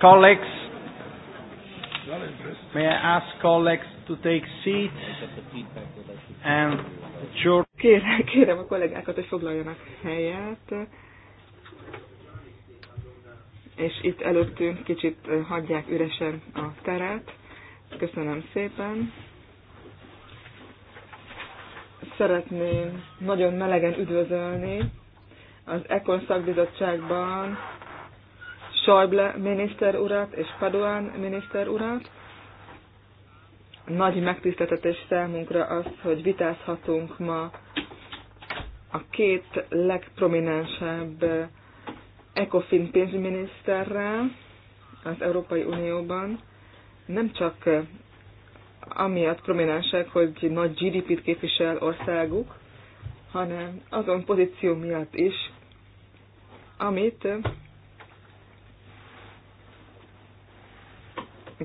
colleagues, may I ask colleagues to take seats and sure. Kérem, kérem a kollégákat, hogy foglaljanak helyet. És itt előttünk kicsit hagyják üresen a teret. Köszönöm szépen szeretném nagyon melegen üdvözölni az Ekon szakbizottságban Schäuble miniszter urat és Paduán miniszter urat. Nagy megtiszteltetés számunkra az, hogy vitázhatunk ma a két legprominensebb ECOFIN pénzügyminiszterrel az Európai Unióban. Nem csak amiatt prominensek, hogy nagy GDP-t képvisel országuk, hanem azon pozíció miatt is, amit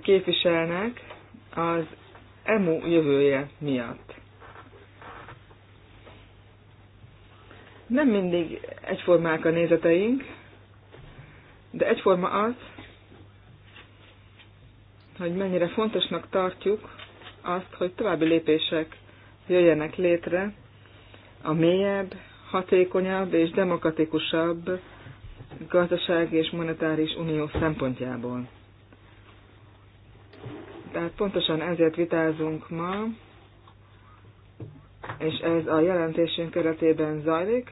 képviselnek az EMU jövője miatt. Nem mindig egyformák a nézeteink, de egyforma az, hogy mennyire fontosnak tartjuk azt, hogy további lépések jöjjenek létre a mélyebb, hatékonyabb és demokratikusabb gazdasági és monetáris unió szempontjából. Tehát pontosan ezért vitázunk ma, és ez a jelentésünk keretében zajlik,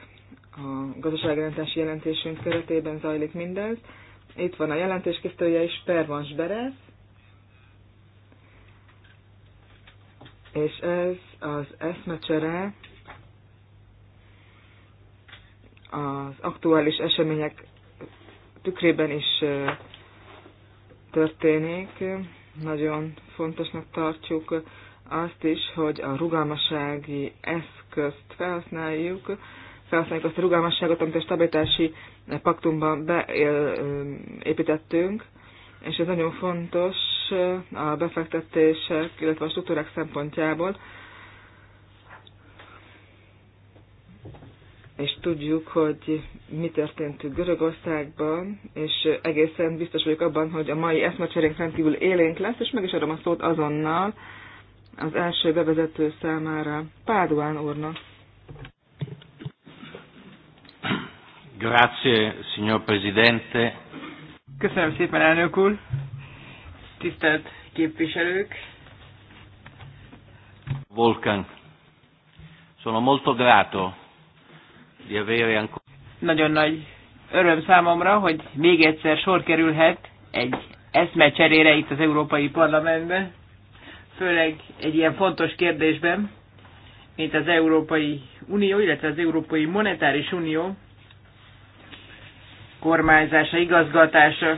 a gazdaságjelentési jelentésünk keretében zajlik mindez. Itt van a jelentéskészítője is, Pervans Beresz, és ez az eszmecsere az aktuális események tükrében is történik. Nagyon fontosnak tartjuk azt is, hogy a rugalmassági eszközt felhasználjuk, felhasználjuk azt a rugalmasságot, amit a stabilitási paktumban beépítettünk, és ez nagyon fontos a befektetések, illetve a struktúrák szempontjából. És tudjuk, hogy mi történt Görögországban, és egészen biztos vagyok abban, hogy a mai eszmecserénk rendkívül élénk lesz, és meg is adom a szót azonnal az első bevezető számára, Páduán úrnak. Grazie, signor Presidente. Köszönöm szépen, elnök úr tisztelt képviselők! Volkan, sono molto grato di avere ancora... Nagyon nagy öröm számomra, hogy még egyszer sor kerülhet egy eszmecserére itt az Európai Parlamentben, főleg egy ilyen fontos kérdésben, mint az Európai Unió, illetve az Európai Monetáris Unió kormányzása, igazgatása.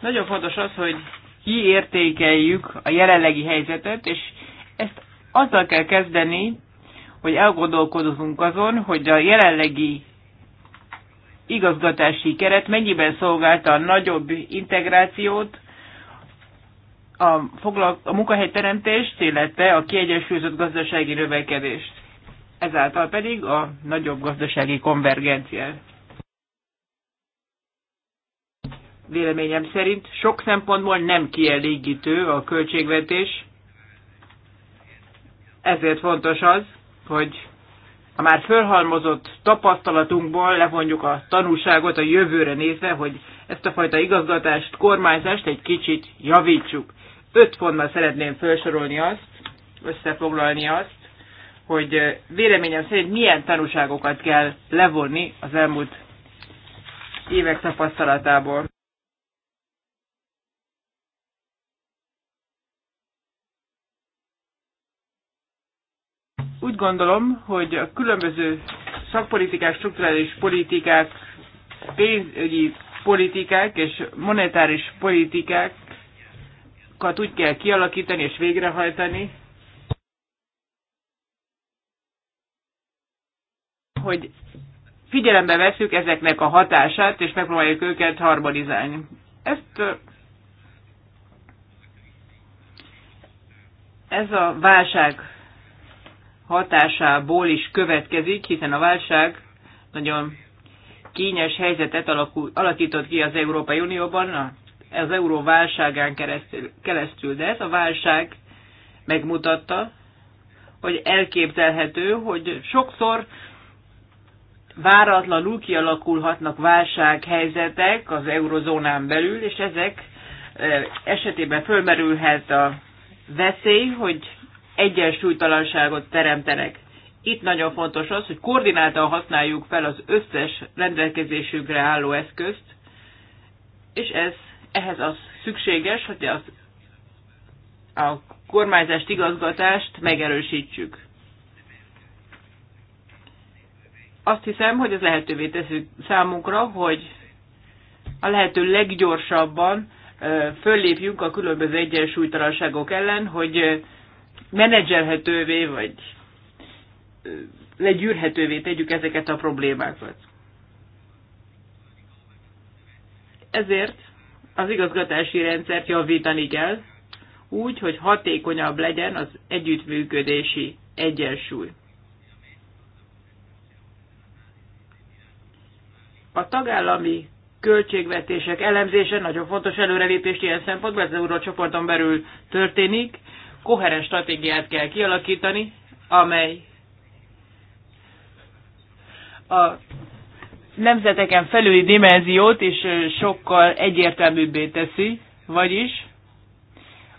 Nagyon fontos az, hogy kiértékeljük a jelenlegi helyzetet, és ezt azzal kell kezdeni, hogy elgondolkodunk azon, hogy a jelenlegi igazgatási keret mennyiben szolgálta a nagyobb integrációt, a, foglal- a munkahelyteremtést, illetve a kiegyensúlyozott gazdasági növekedést. Ezáltal pedig a nagyobb gazdasági konvergenciát. véleményem szerint sok szempontból nem kielégítő a költségvetés, ezért fontos az, hogy a már fölhalmozott tapasztalatunkból levonjuk a tanulságot a jövőre nézve, hogy ezt a fajta igazgatást, kormányzást egy kicsit javítsuk. Öt pontban szeretném felsorolni azt, összefoglalni azt, hogy véleményem szerint milyen tanúságokat kell levonni az elmúlt évek tapasztalatából. Úgy gondolom, hogy a különböző szakpolitikák, strukturális politikák, pénzügyi politikák és monetáris politikákat úgy kell kialakítani és végrehajtani, hogy figyelembe veszük ezeknek a hatását, és megpróbáljuk őket harmonizálni. Ezt ez a válság hatásából is következik, hiszen a válság nagyon kényes helyzetet alakul, alakított ki az Európai Unióban, az euró válságán keresztül, keresztül, de ez a válság megmutatta, hogy elképzelhető, hogy sokszor váratlanul kialakulhatnak válsághelyzetek az eurozónán belül, és ezek eh, esetében fölmerülhet a veszély, hogy egyensúlytalanságot teremtenek. Itt nagyon fontos az, hogy koordináltan használjuk fel az összes rendelkezésünkre álló eszközt, és ez, ehhez az szükséges, hogy az, a kormányzást, igazgatást megerősítsük. Azt hiszem, hogy ez lehetővé teszi számunkra, hogy a lehető leggyorsabban föllépjünk a különböző egyensúlytalanságok ellen, hogy menedzselhetővé, vagy legyűrhetővé tegyük ezeket a problémákat. Ezért az igazgatási rendszert javítani kell, úgy, hogy hatékonyabb legyen az együttműködési egyensúly. A tagállami költségvetések elemzése nagyon fontos előrelépést ilyen szempontból, ez az eurócsoporton belül történik koherens stratégiát kell kialakítani, amely a nemzeteken felüli dimenziót is sokkal egyértelműbbé teszi, vagyis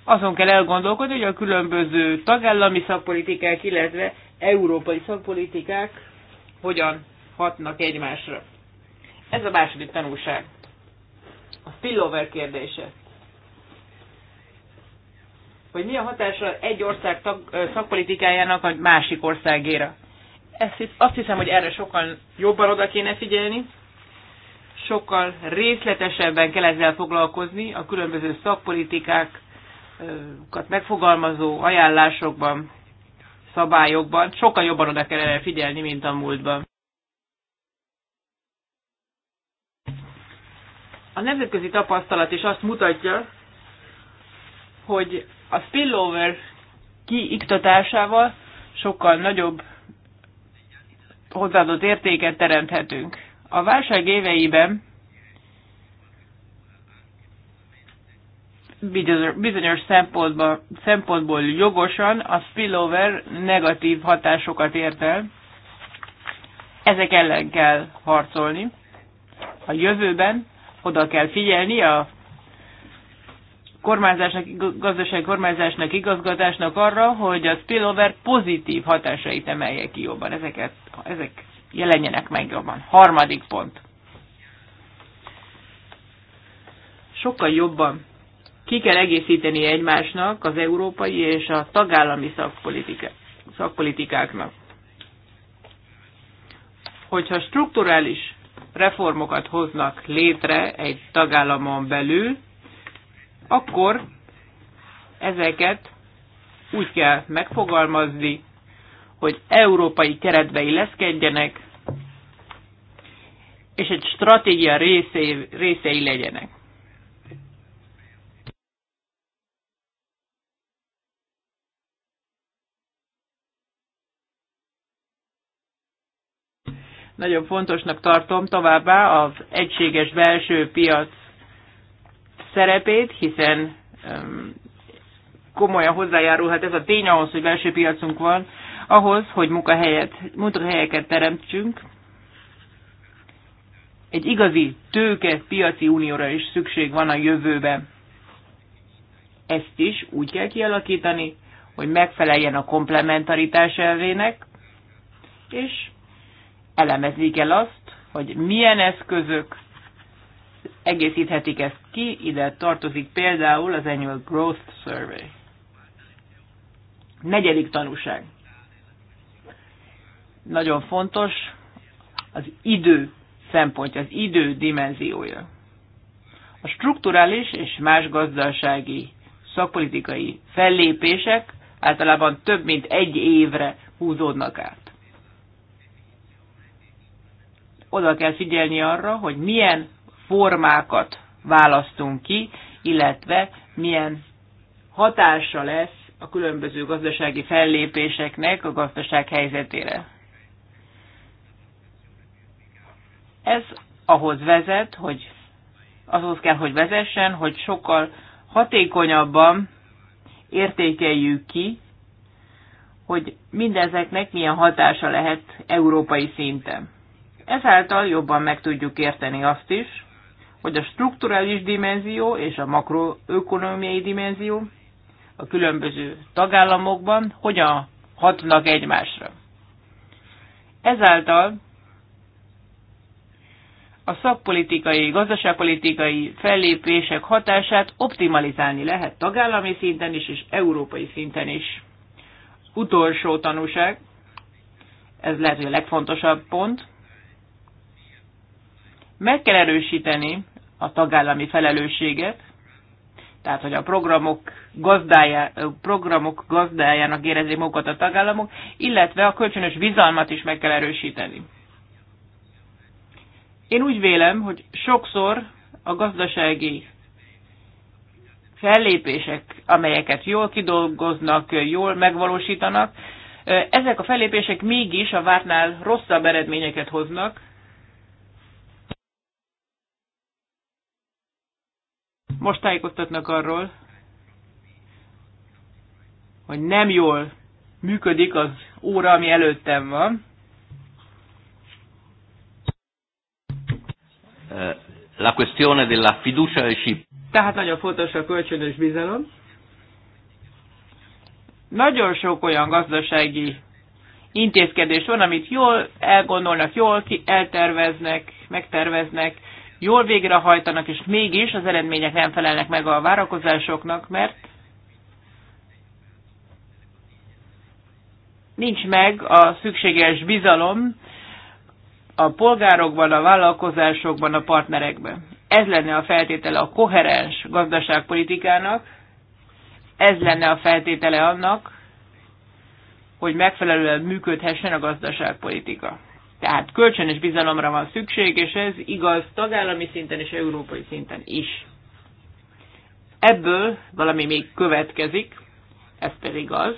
azon kell elgondolkodni, hogy a különböző tagállami szakpolitikák, illetve európai szakpolitikák hogyan hatnak egymásra. Ez a második tanulság. A spillover kérdése hogy mi a hatása egy ország tag, szakpolitikájának a másik országéra. Ezt, azt hiszem, hogy erre sokkal jobban oda kéne figyelni, sokkal részletesebben kell ezzel foglalkozni a különböző szakpolitikákat megfogalmazó ajánlásokban, szabályokban. Sokkal jobban oda kell erre figyelni, mint a múltban. A nemzetközi tapasztalat is azt mutatja, hogy a spillover kiiktatásával sokkal nagyobb hozzáadott értéket teremthetünk. A válság éveiben bizonyos szempontból, szempontból jogosan a spillover negatív hatásokat ért el. Ezek ellen kell harcolni. A jövőben oda kell figyelni a kormányzásnak, gazdasági kormányzásnak, igazgatásnak arra, hogy a spillover pozitív hatásait emelje ki jobban. Ezeket, ezek jelenjenek meg jobban. Harmadik pont. Sokkal jobban ki kell egészíteni egymásnak az európai és a tagállami szakpolitika, szakpolitikáknak. Hogyha strukturális reformokat hoznak létre egy tagállamon belül, akkor ezeket úgy kell megfogalmazni, hogy európai keretbe illeszkedjenek, és egy stratégia részé, részei legyenek. Nagyon fontosnak tartom továbbá az egységes belső piac szerepét, hiszen komolyan hozzájárulhat ez a tény ahhoz, hogy belső piacunk van, ahhoz, hogy munkahelyet, munkahelyeket teremtsünk. Egy igazi tőke piaci unióra is szükség van a jövőben. Ezt is úgy kell kialakítani, hogy megfeleljen a komplementaritás elvének, és elemezni kell azt, hogy milyen eszközök egészíthetik ezt ki, ide tartozik például az Annual Growth Survey. Negyedik tanúság. Nagyon fontos az idő szempontja, az idő dimenziója. A strukturális és más gazdasági szakpolitikai fellépések általában több mint egy évre húzódnak át. Oda kell figyelni arra, hogy milyen formákat választunk ki, illetve milyen hatása lesz a különböző gazdasági fellépéseknek a gazdaság helyzetére. Ez ahhoz vezet, hogy azhoz kell, hogy vezessen, hogy sokkal hatékonyabban értékeljük ki, hogy mindezeknek milyen hatása lehet európai szinten. Ezáltal jobban meg tudjuk érteni azt is, hogy a strukturális dimenzió és a makroökonomiai dimenzió a különböző tagállamokban hogyan hatnak egymásra. Ezáltal a szakpolitikai, gazdaságpolitikai fellépések hatását optimalizálni lehet tagállami szinten is és európai szinten is. Utolsó tanúság, ez lehet, hogy a legfontosabb pont, meg kell erősíteni a tagállami felelősséget, tehát hogy a programok, gazdája, programok gazdájának érezzék magukat a tagállamok, illetve a kölcsönös bizalmat is meg kell erősíteni. Én úgy vélem, hogy sokszor a gazdasági fellépések, amelyeket jól kidolgoznak, jól megvalósítanak, ezek a fellépések mégis a vártnál rosszabb eredményeket hoznak, Most tájékoztatnak arról, hogy nem jól működik az óra, ami előttem van. Eh, la questione della fiducia e Tehát nagyon fontos a kölcsönös bizalom. Nagyon sok olyan gazdasági intézkedés van, amit jól elgondolnak, jól elterveznek, megterveznek, jól végrehajtanak, és mégis az eredmények nem felelnek meg a várakozásoknak, mert nincs meg a szükséges bizalom a polgárokban, a vállalkozásokban, a partnerekben. Ez lenne a feltétele a koherens gazdaságpolitikának, ez lenne a feltétele annak, hogy megfelelően működhessen a gazdaságpolitika. Tehát kölcsönös bizalomra van szükség, és ez igaz tagállami szinten és európai szinten is. Ebből valami még következik, ez pedig az,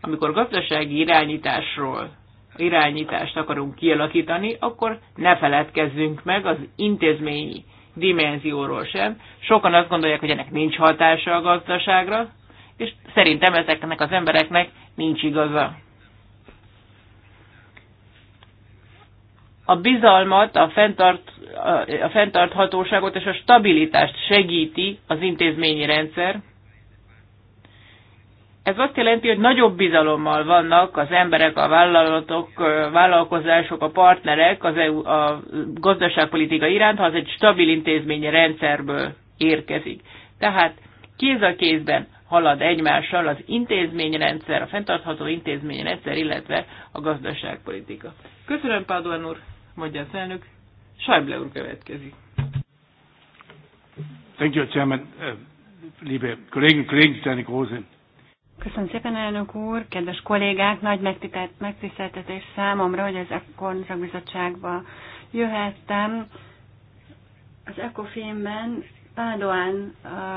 amikor gazdasági irányításról irányítást akarunk kialakítani, akkor ne feledkezzünk meg az intézményi dimenzióról sem. Sokan azt gondolják, hogy ennek nincs hatása a gazdaságra, és szerintem ezeknek az embereknek nincs igaza. a bizalmat, a, fenntart, a fenntarthatóságot és a stabilitást segíti az intézményi rendszer. Ez azt jelenti, hogy nagyobb bizalommal vannak az emberek, a vállalatok, vállalkozások, a partnerek az EU, a gazdaságpolitika iránt, ha az egy stabil intézményi rendszerből érkezik. Tehát kéz a kézben halad egymással az intézményrendszer, a fenntartható intézményrendszer, illetve a gazdaságpolitika. Köszönöm, Pádoan úr! mondja az elnök. Schäuble úr következik. Thank you, Chairman. Uh, liebe Kollegen, Kollegen, Große. Köszönöm szépen, elnök úr, kedves kollégák, nagy megtiszteltetés számomra, hogy az ECON bizottságba jöhettem. Az ECOFIN-ben Pádoán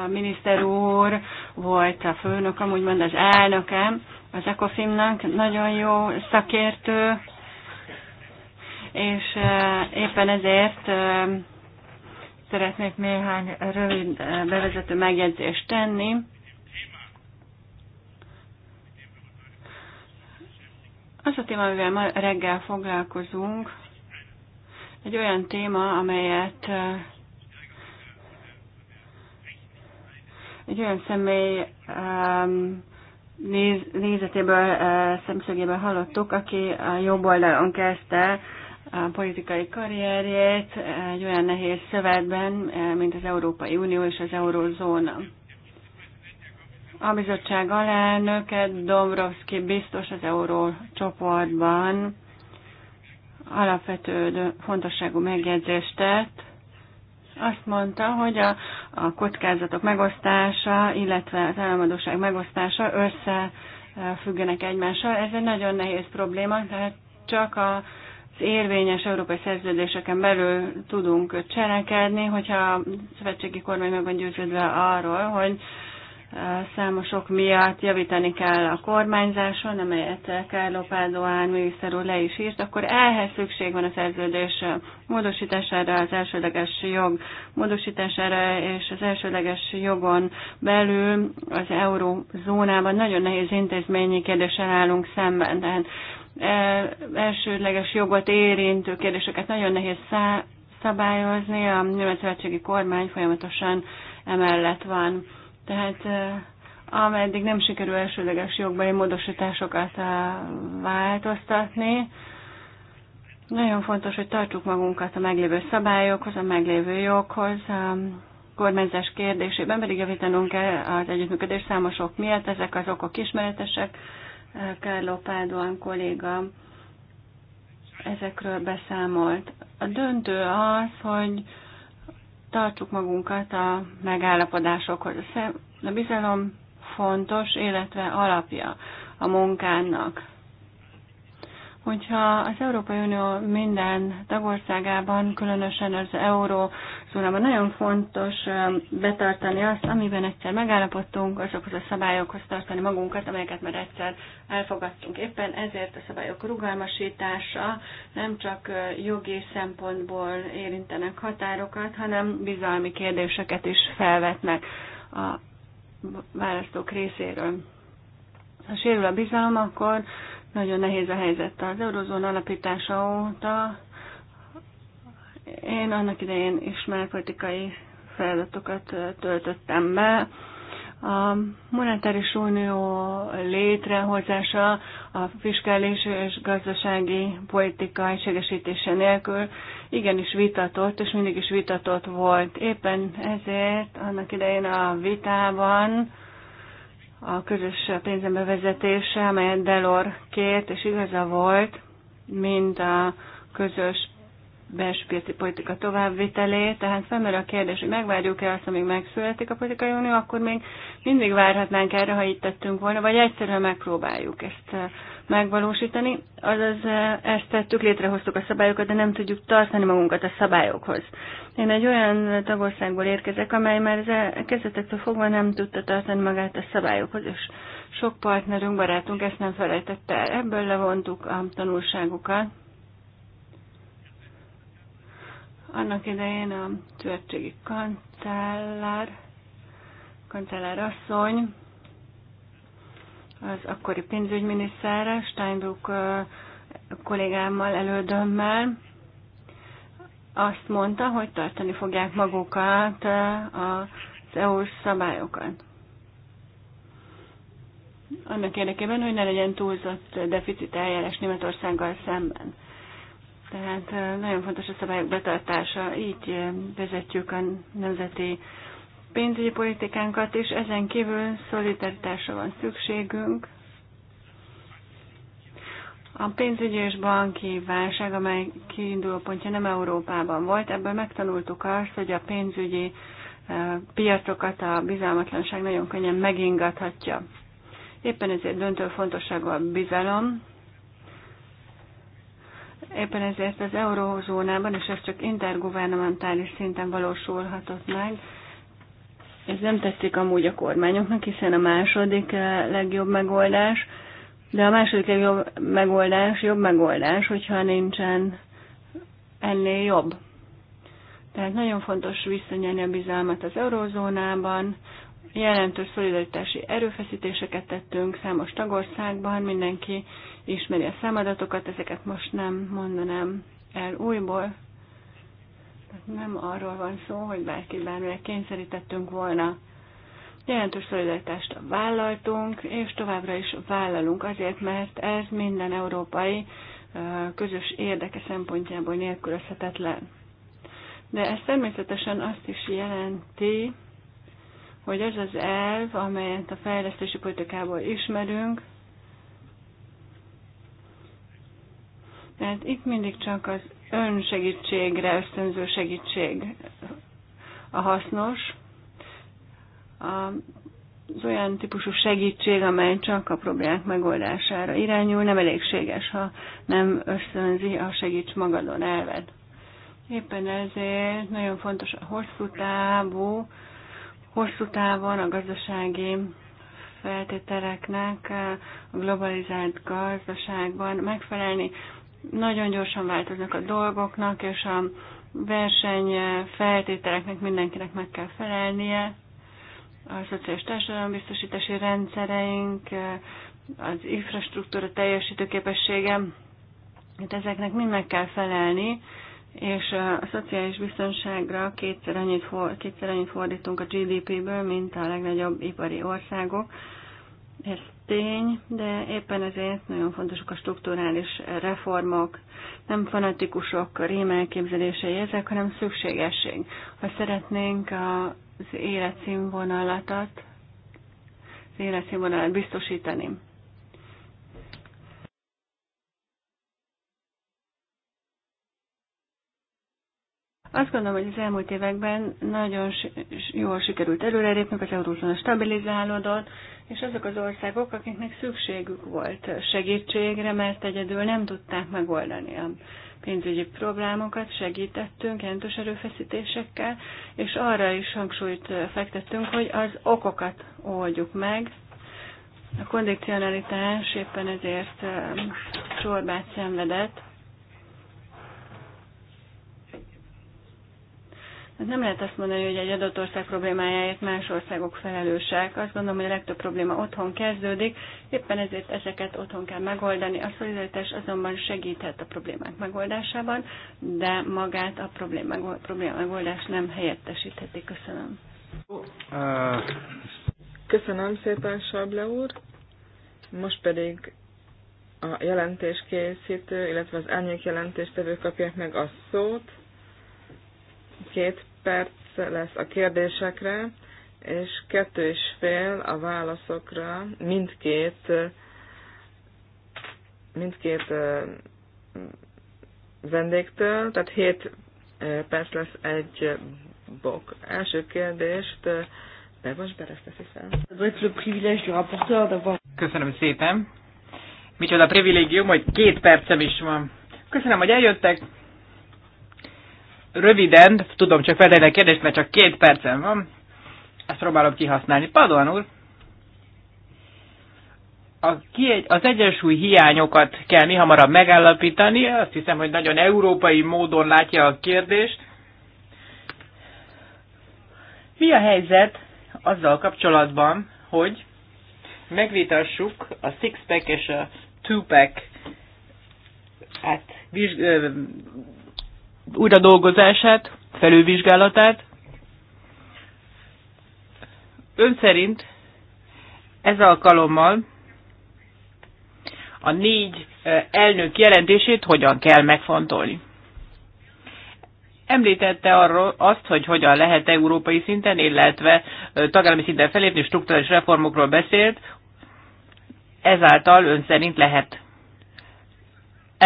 miniszter úr volt a főnök, amúgy mond az elnökem az ECOFIM-nak, nagyon jó szakértő, és éppen ezért szeretnék néhány rövid bevezető megjegyzést tenni. Az a téma, amivel ma reggel foglalkozunk, egy olyan téma, amelyet egy olyan személy um, néz, nézetéből, szemszögéből hallottuk, aki a jobb oldalon kezdte a politikai karrierjét egy olyan nehéz szövetben, mint az Európai Unió és az Eurózóna. A bizottság alelnöke Dombrovski biztos az euró csoportban alapvető fontosságú megjegyzést tett. Azt mondta, hogy a, a kockázatok megosztása, illetve az államadóság megosztása összefüggenek egymással. Ez egy nagyon nehéz probléma, tehát csak a érvényes európai szerződéseken belül tudunk cselekedni, hogyha a szövetségi kormány meg van győződve arról, hogy számosok miatt javítani kell a kormányzáson, amelyet Kárló Pádoán miniszter úr le is írt, akkor ehhez szükség van a szerződés módosítására, az elsődleges jog módosítására, és az elsődleges jogon belül az eurózónában nagyon nehéz intézményi kérdéssel állunk szemben. Tehát E, elsődleges jogot érintő kérdéseket nagyon nehéz szá- szabályozni. A Német Szövetségi Kormány folyamatosan emellett van. Tehát e, ameddig nem sikerül elsődleges jogbeli módosításokat e, változtatni, nagyon fontos, hogy tartsuk magunkat a meglévő szabályokhoz, a meglévő joghoz. A kormányzás kérdésében pedig javítanunk kell az együttműködés számos ok miatt. Ezek az okok ismeretesek, Kárló Pádoan kolléga ezekről beszámolt. A döntő az, hogy tartsuk magunkat a megállapodásokhoz. A bizalom fontos, illetve alapja a munkának. Hogyha az Európai Unió minden tagországában, különösen az euró Szóval nagyon fontos betartani azt, amiben egyszer megállapodtunk, azokhoz a szabályokhoz tartani magunkat, amelyeket már egyszer elfogadtunk. Éppen ezért a szabályok rugalmasítása nem csak jogi szempontból érintenek határokat, hanem bizalmi kérdéseket is felvetnek a választók részéről. Ha sérül a bizalom, akkor nagyon nehéz a helyzet az eurozóna alapítása óta, én annak idején ismerpolitikai feladatokat töltöttem be. A monetáris unió létrehozása a fiskális és gazdasági politika egységesítése nélkül igenis vitatott, és mindig is vitatott volt. Éppen ezért annak idején a vitában a közös vezetése, amelyet Delor kért, és igaza volt, mint a közös belső piaci politika továbbvitelé, tehát felmerül a kérdés, hogy megvárjuk-e azt, amíg megszületik a politikai unió, akkor még mindig várhatnánk erre, ha itt tettünk volna, vagy egyszerűen megpróbáljuk ezt eh, megvalósítani. Azaz eh, ezt tettük, létrehoztuk a szabályokat, de nem tudjuk tartani magunkat a szabályokhoz. Én egy olyan tagországból érkezek, amely már kezdetektől fogva nem tudta tartani magát a szabályokhoz, és sok partnerünk, barátunk ezt nem felejtette el. Ebből levontuk a tanulságokat Annak idején a szövetségi kancellár, kancellár asszony, az akkori pénzügyminiszterre, Steinbrück kollégámmal, elődömmel, azt mondta, hogy tartani fogják magukat az EU szabályokat. Annak érdekében, hogy ne legyen túlzott deficit eljárás Németországgal szemben. Tehát nagyon fontos a szabályok betartása. Így vezetjük a nemzeti pénzügyi politikánkat, és ezen kívül szolidaritásra van szükségünk. A pénzügyi és banki válság, amely kiinduló pontja nem Európában volt, ebből megtanultuk azt, hogy a pénzügyi piacokat a bizalmatlanság nagyon könnyen megingathatja. Éppen ezért döntő fontosságú a bizalom, Éppen ezért az eurózónában, és ez csak intergovernamentális szinten valósulhatott meg, ez nem tetszik amúgy a kormányoknak, hiszen a második eh, legjobb megoldás, de a második legjobb megoldás jobb megoldás, hogyha nincsen ennél jobb. Tehát nagyon fontos visszanyerni a bizalmat az eurózónában, jelentős szolidaritási erőfeszítéseket tettünk számos tagországban, mindenki ismeri a számadatokat, ezeket most nem mondanám el újból. Nem arról van szó, hogy bárki bármire kényszerítettünk volna. Jelentős szolidaritást vállaltunk, és továbbra is vállalunk azért, mert ez minden európai közös érdeke szempontjából nélkülözhetetlen. De ez természetesen azt is jelenti, hogy ez az elv, amelyet a fejlesztési politikából ismerünk, tehát itt mindig csak az önsegítségre, ösztönző segítség a hasznos, az olyan típusú segítség, amely csak a problémák megoldására irányul, nem elégséges, ha nem ösztönzi a segíts magadon elved. Éppen ezért nagyon fontos a hosszú távú Hosszú távon a gazdasági feltételeknek a globalizált gazdaságban megfelelni. Nagyon gyorsan változnak a dolgoknak, és a verseny feltételeknek mindenkinek meg kell felelnie. A szociális társadalombiztosítási rendszereink, az infrastruktúra teljesítőképessége, hát ezeknek mind meg kell felelni, és a szociális biztonságra kétszer annyit, for, kétszer annyit fordítunk a GDP-ből, mint a legnagyobb ipari országok. Ez tény, de éppen ezért nagyon fontosak a strukturális reformok. Nem fanatikusok, rémelképzelései ezek, hanem szükségesség. Ha szeretnénk az életszínvonalat, az életszínvonalat biztosítani. Azt gondolom, hogy az elmúlt években nagyon jól sikerült előrelépnünk, az eurózóna stabilizálódott, és azok az országok, akiknek szükségük volt segítségre, mert egyedül nem tudták megoldani a pénzügyi problémokat, segítettünk jelentős erőfeszítésekkel, és arra is hangsúlyt fektettünk, hogy az okokat oldjuk meg. A kondicionalitás éppen ezért um, sorbát szenvedett, Hát nem lehet azt mondani, hogy egy adott ország problémájáért más országok felelősek. Azt gondolom, hogy a legtöbb probléma otthon kezdődik, éppen ezért ezeket otthon kell megoldani. A szolidaritás azonban segíthet a problémák megoldásában, de magát a probléma, megoldás nem helyettesítheti. Köszönöm. Köszönöm szépen, Sable úr. Most pedig a jelentéskészítő, illetve az elnyék jelentéstevő kapják meg a szót. Két perc lesz a kérdésekre, és kettő és fél a válaszokra mindkét mindkét vendégtől, tehát hét perc lesz egy bok. Első kérdést Bevas Beres teszi fel. Köszönöm szépen. Micsoda privilégium, hogy két percem is van. Köszönöm, hogy eljöttek röviden, tudom csak feltenni a kérdést, mert csak két percem van, ezt próbálom kihasználni. Padoan úr, a kiegy, az egyensúly hiányokat kell mi hamarabb megállapítani, azt hiszem, hogy nagyon európai módon látja a kérdést. Mi a helyzet azzal kapcsolatban, hogy megvitassuk a six-pack és a two-pack hát, újra dolgozását, felülvizsgálatát. Ön szerint ez alkalommal a négy elnök jelentését hogyan kell megfontolni? Említette arról azt, hogy hogyan lehet európai szinten, illetve tagállami szinten felépni, struktúrális reformokról beszélt, ezáltal ön szerint lehet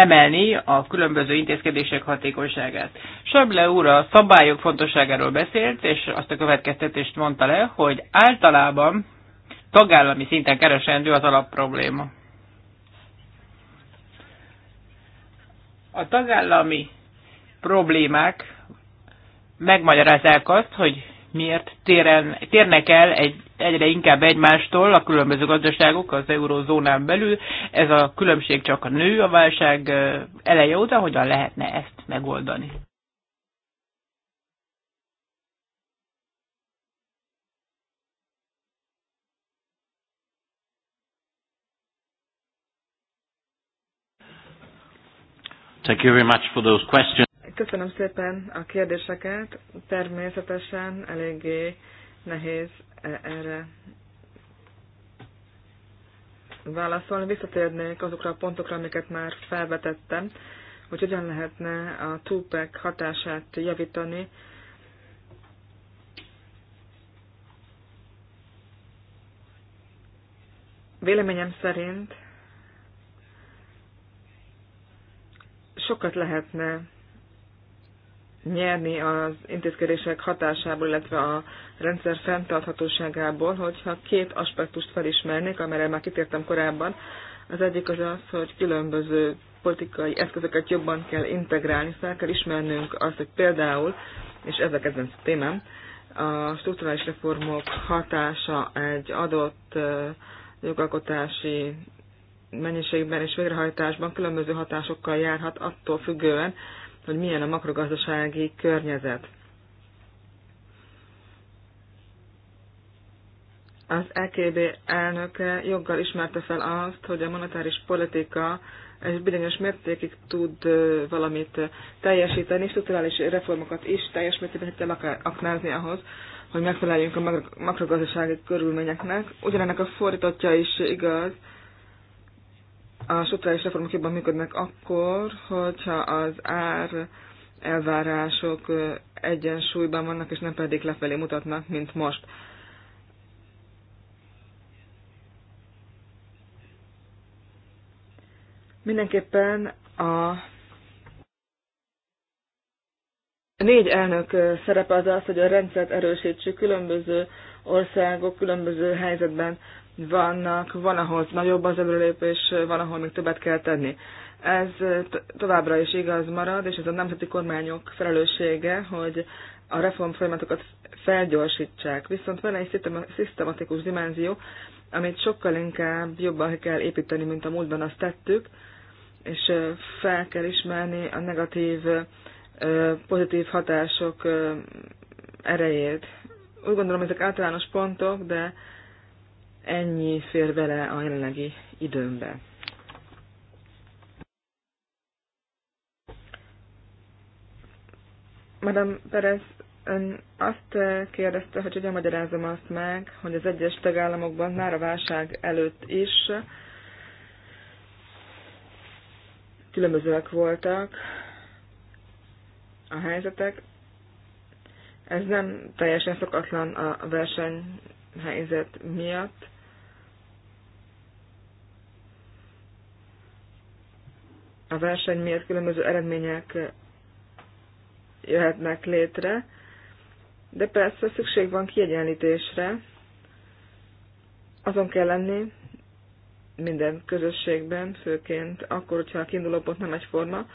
emelni a különböző intézkedések hatékonyságát. Sable úr a szabályok fontosságáról beszélt, és azt a következtetést mondta le, hogy általában tagállami szinten keresendő az alapprobléma. A tagállami problémák megmagyarázzák azt, hogy miért téren, térnek el egy, egyre inkább egymástól a különböző gazdaságok az eurozónán belül. Ez a különbség csak a nő a válság eleje óta, hogyan lehetne ezt megoldani? Thank you very much for those questions. Köszönöm szépen a kérdéseket. Természetesen eléggé nehéz e- erre válaszolni. Visszatérnék azokra a pontokra, amiket már felvetettem, hogy hogyan lehetne a túpek hatását javítani. Véleményem szerint sokat lehetne nyerni az intézkedések hatásából, illetve a rendszer fenntarthatóságából, hogyha két aspektust felismernék, amire már kitértem korábban. Az egyik az az, hogy különböző politikai eszközöket jobban kell integrálni, fel kell ismernünk azt, hogy például, és ez a kedvenc témám, a strukturális reformok hatása egy adott jogalkotási mennyiségben és végrehajtásban különböző hatásokkal járhat attól függően, hogy milyen a makrogazdasági környezet. Az EKB elnöke joggal ismerte fel azt, hogy a monetáris politika egy bizonyos mértékig tud valamit teljesíteni, és strukturális reformokat is teljes mértékben kell aknázni ahhoz, hogy megfeleljünk a makrogazdasági körülményeknek. Ugyanennek a fordítottja is igaz, a struktúrális reformok jobban működnek akkor, hogyha az ár elvárások egyensúlyban vannak, és nem pedig lefelé mutatnak, mint most. Mindenképpen a négy elnök szerepe az az, hogy a rendszert erősítsük, különböző országok különböző helyzetben vannak, van, ahol nagyobb az előrelépés, van, ahol még többet kell tenni. Ez továbbra is igaz marad, és ez a nemzeti kormányok felelőssége, hogy a reform folyamatokat felgyorsítsák. Viszont van egy szisztematikus dimenzió, amit sokkal inkább jobban kell építeni, mint a múltban azt tettük, és fel kell ismerni a negatív, pozitív hatások erejét. Úgy gondolom, ezek általános pontok, de Ennyi fér bele a jelenlegi időmbe. Madame Perez, ön azt kérdezte, hogy hogyan magyarázom azt meg, hogy az egyes tagállamokban már a válság előtt is különbözőek voltak a helyzetek. Ez nem teljesen szokatlan a versenyhelyzet miatt. a verseny miatt különböző eredmények jöhetnek létre, de persze szükség van kiegyenlítésre, azon kell lenni minden közösségben, főként akkor, hogyha a kiinduló pont nem egyforma,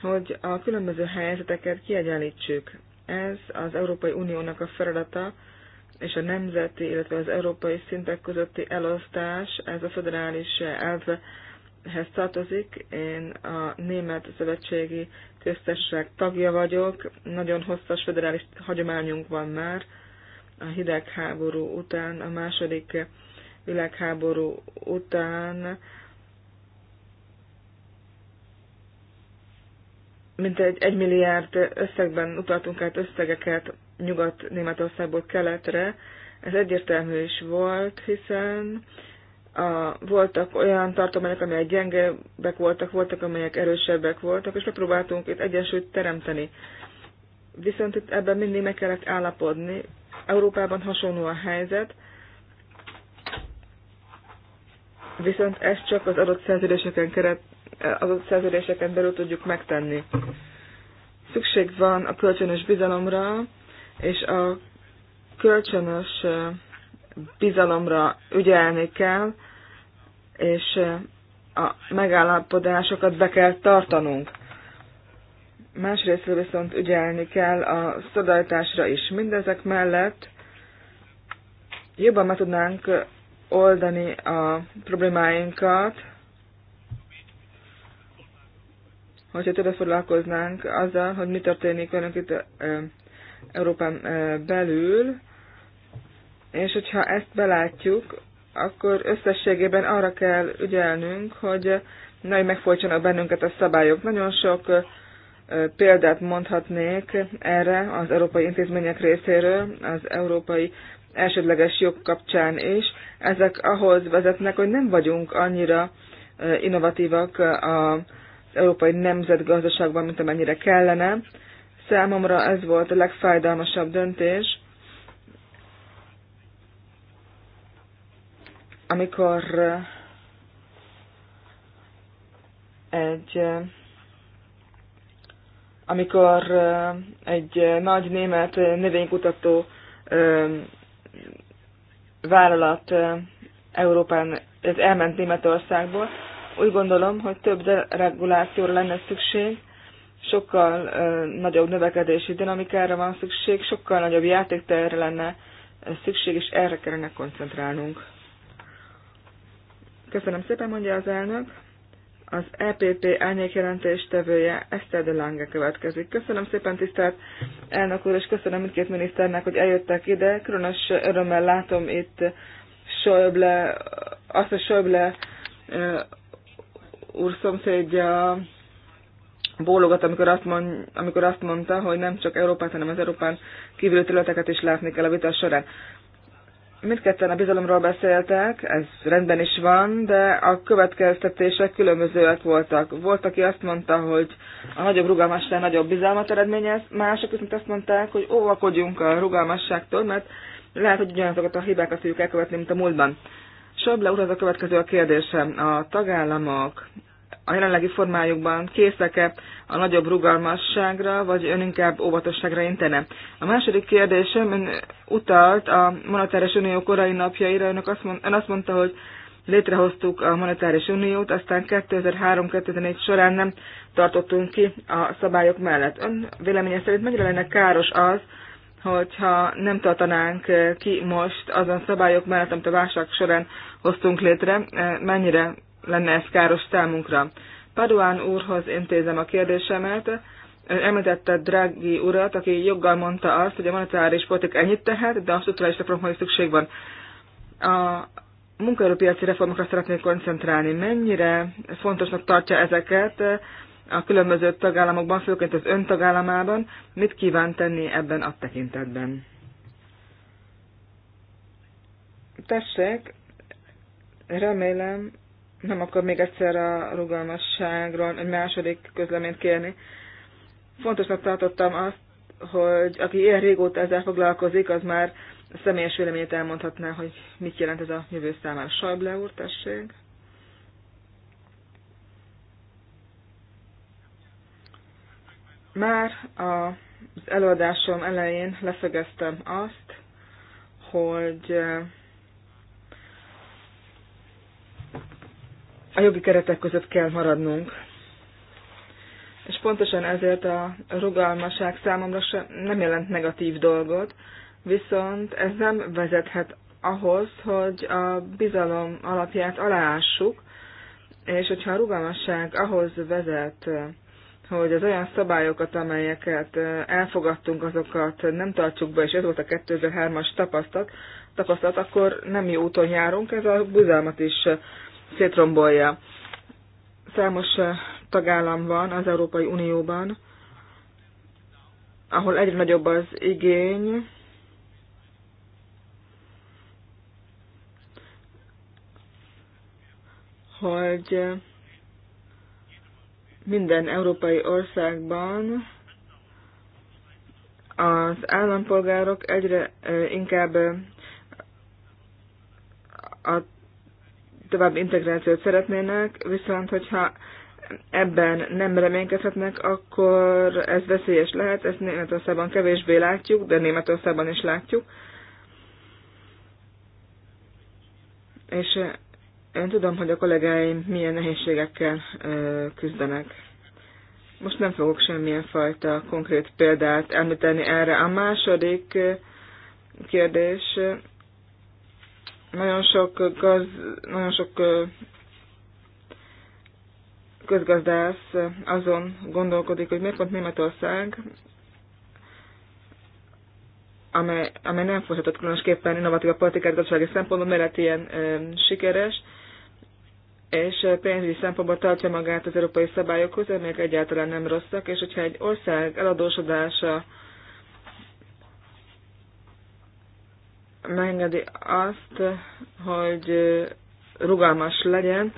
hogy a különböző helyzeteket kiegyenlítsük. Ez az Európai Uniónak a feladata, és a nemzeti, illetve az európai szintek közötti elosztás, ez a föderális elve hez tartozik. Én a Német Szövetségi Köztesség tagja vagyok. Nagyon hosszas federális hagyományunk van már. A hidegháború után, a második világháború után mintegy egy milliárd összegben utaltunk át összegeket Nyugat-Németországból keletre. Ez egyértelmű is volt, hiszen a, voltak olyan tartományok, amelyek gyengebbek voltak, voltak, amelyek erősebbek voltak, és megpróbáltunk itt egyensúlyt teremteni. Viszont itt ebben mindig meg kellett állapodni. Európában hasonló a helyzet, viszont ezt csak az adott szerződéseken, keret, az adott szerződéseken belül tudjuk megtenni. Szükség van a kölcsönös bizalomra, és a kölcsönös bizalomra ügyelni kell, és a megállapodásokat be kell tartanunk. Másrészt viszont ügyelni kell a szodajtásra is. Mindezek mellett jobban meg tudnánk oldani a problémáinkat, hogyha többet foglalkoznánk azzal, hogy mi történik önök itt Európán belül, és hogyha ezt belátjuk, akkor összességében arra kell ügyelnünk, hogy nagy megfolytsanak bennünket a szabályok. Nagyon sok példát mondhatnék erre az európai intézmények részéről, az európai elsődleges jog kapcsán is. Ezek ahhoz vezetnek, hogy nem vagyunk annyira innovatívak az európai nemzetgazdaságban, mint amennyire kellene. Számomra ez volt a legfájdalmasabb döntés, amikor eh, egy eh, amikor eh, egy nagy német növénykutató vállalat Európán, ez elment Németországból, úgy gondolom, hogy több deregulációra lenne szükség, sokkal nagyobb növekedési dinamikára van szükség, sokkal nagyobb játékterre lenne szükség, és erre kellene koncentrálnunk. Köszönöm szépen, mondja az elnök. Az EPP elnékjelentés tevője Eszter de Lange következik. Köszönöm szépen, tisztelt elnök úr, és köszönöm mindkét miniszternek, hogy eljöttek ide. Különös örömmel látom itt Schäuble, azt a Schäuble úr szomszédja bólogat, amikor azt, mond, amikor azt mondta, hogy nem csak Európát, hanem az Európán kívüli területeket is látni kell a vita során mindketten a bizalomról beszéltek, ez rendben is van, de a következtetések különbözőek voltak. Volt, aki azt mondta, hogy a nagyobb rugalmasság nagyobb bizalmat eredményez, mások viszont azt mondták, hogy óvakodjunk a rugalmasságtól, mert lehet, hogy ugyanazokat a hibákat fogjuk elkövetni, mint a múltban. Sobla úr, az a következő a kérdésem. A tagállamok a jelenlegi formájukban készek-e a nagyobb rugalmasságra, vagy ön inkább óvatosságra intene. A második kérdésem ön utalt a monetáris unió korai napjaira, ön azt mond, ön azt mondta, hogy létrehoztuk a monetáris uniót, aztán 2003-2004 során nem tartottunk ki a szabályok mellett. Ön véleménye szerint mennyire lenne káros az, hogyha nem tartanánk ki most azon szabályok mellett, amit a válság során hoztunk létre, mennyire lenne ez káros számunkra. Paduán úrhoz intézem a kérdésemet. Ön említette Draghi urat, aki joggal mondta azt, hogy a monetáris politika ennyit tehet, de a strukturális reformokra szükség van. A munkaerőpiaci reformokra szeretnék koncentrálni. Mennyire fontosnak tartja ezeket a különböző tagállamokban, főként az ön tagállamában? Mit kíván tenni ebben a tekintetben? Tessék, remélem, nem akkor még egyszer a rugalmasságról egy második közleményt kérni. Fontosnak tartottam azt, hogy aki ilyen régóta ezzel foglalkozik, az már a személyes véleményét elmondhatná, hogy mit jelent ez a jövő számára. Sajble úr, tessék. Már az előadásom elején leszögeztem azt, hogy a jogi keretek között kell maradnunk. És pontosan ezért a rugalmaság számomra sem nem jelent negatív dolgot, viszont ez nem vezethet ahhoz, hogy a bizalom alapját aláássuk, és hogyha a rugalmasság ahhoz vezet, hogy az olyan szabályokat, amelyeket elfogadtunk, azokat nem tartjuk be, és ez volt a 2003-as tapasztalat, tapasztalat, akkor nem jó úton járunk, ez a bizalmat is szétrombolja. Számos eh, tagállam van az Európai Unióban, ahol egyre nagyobb az igény, hogy eh, minden európai országban az állampolgárok egyre eh, inkább a további integrációt szeretnének, viszont hogyha ebben nem reménykedhetnek, akkor ez veszélyes lehet, ezt Németországban kevésbé látjuk, de Németországban is látjuk. És eh, én tudom, hogy a kollégáim milyen nehézségekkel eh, küzdenek. Most nem fogok semmilyen fajta konkrét példát említeni erre. A második eh, kérdés nagyon sok, gaz, nagyon sok közgazdász azon gondolkodik, hogy miért pont Németország, amely, amely nem folytatott különösképpen innovatív a politikát gazdasági szempontból, mellett ilyen ö, sikeres, és pénzügyi szempontból tartja magát az európai szabályokhoz, amelyek egyáltalán nem rosszak, és hogyha egy ország eladósodása megengedi azt, hogy rugalmas legyen.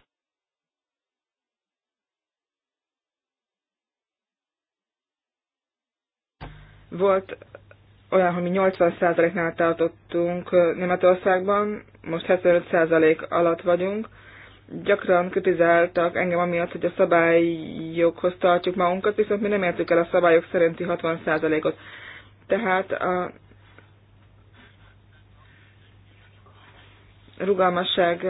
Volt olyan, hogy mi 80%-nál tartottunk Németországban, most 75% alatt vagyunk. Gyakran kritizáltak engem amiatt, hogy a szabályokhoz tartjuk magunkat, viszont mi nem értük el a szabályok szerinti 60%-ot. Tehát a rugalmasság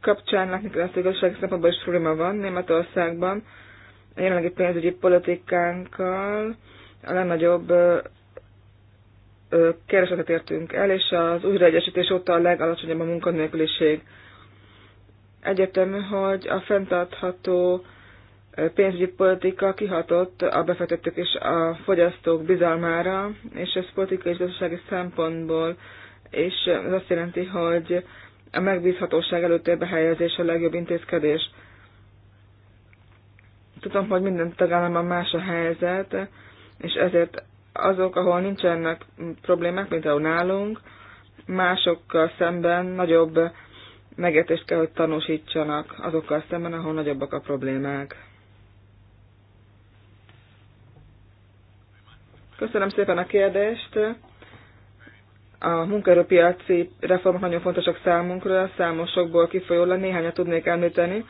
kapcsán látni kell, hogy igazság szempontból is probléma van Németországban. A jelenlegi pénzügyi politikánkkal a legnagyobb keresetet értünk el, és az újraegyesítés óta a legalacsonyabb a munkanélküliség. Egyetemű, hogy a fenntartható pénzügyi politika kihatott a befektetők és a fogyasztók bizalmára, és ez politikai és gazdasági szempontból, és ez azt jelenti, hogy a megbízhatóság előtérbe helyezés a legjobb intézkedés. Tudom, hogy minden tagállamban más a helyzet, és ezért azok, ahol nincsenek problémák, mint ahol nálunk, másokkal szemben nagyobb megértést kell, hogy tanúsítsanak azokkal szemben, ahol nagyobbak a problémák. Köszönöm szépen a kérdést. A munkaerőpiaci reformok nagyon fontosak számunkra, számos sokból kifolyólag néhányat tudnék említeni.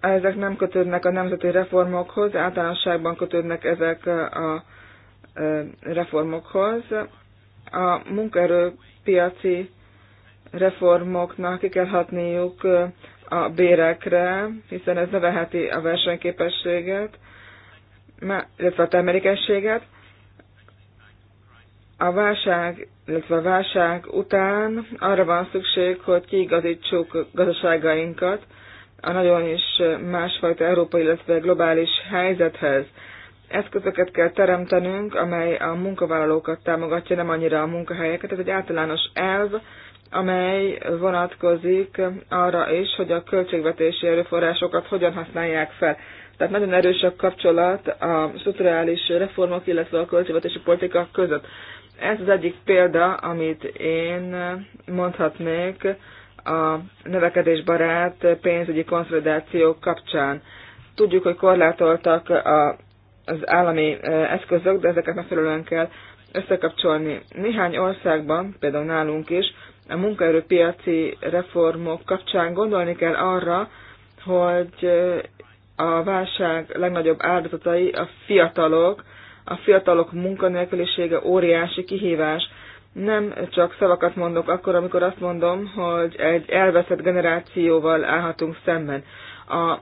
Ezek nem kötődnek a nemzeti reformokhoz, általánosságban kötődnek ezek a e, reformokhoz. A munkaerőpiaci reformoknak ki kell hatniuk e, a bérekre, hiszen ez növelheti a versenyképességet, illetve a termelékenységet. A válság, illetve a válság után arra van szükség, hogy kiigazítsuk gazdaságainkat a nagyon is másfajta európai, illetve globális helyzethez. Eszközöket kell teremtenünk, amely a munkavállalókat támogatja, nem annyira a munkahelyeket. Ez egy általános elv, amely vonatkozik arra is, hogy a költségvetési erőforrásokat hogyan használják fel. Tehát nagyon erős a kapcsolat a strukturális reformok, illetve a költségvetési politika között. Ez az egyik példa, amit én mondhatnék a növekedésbarát pénzügyi konszolidáció kapcsán. Tudjuk, hogy korlátoltak a, az állami eszközök, de ezeket megfelelően kell összekapcsolni. Néhány országban, például nálunk is, a munkaerőpiaci reformok kapcsán gondolni kell arra, hogy a válság legnagyobb áldozatai a fiatalok. A fiatalok munkanélkülisége óriási kihívás. Nem csak szavakat mondok akkor, amikor azt mondom, hogy egy elveszett generációval állhatunk szemben. A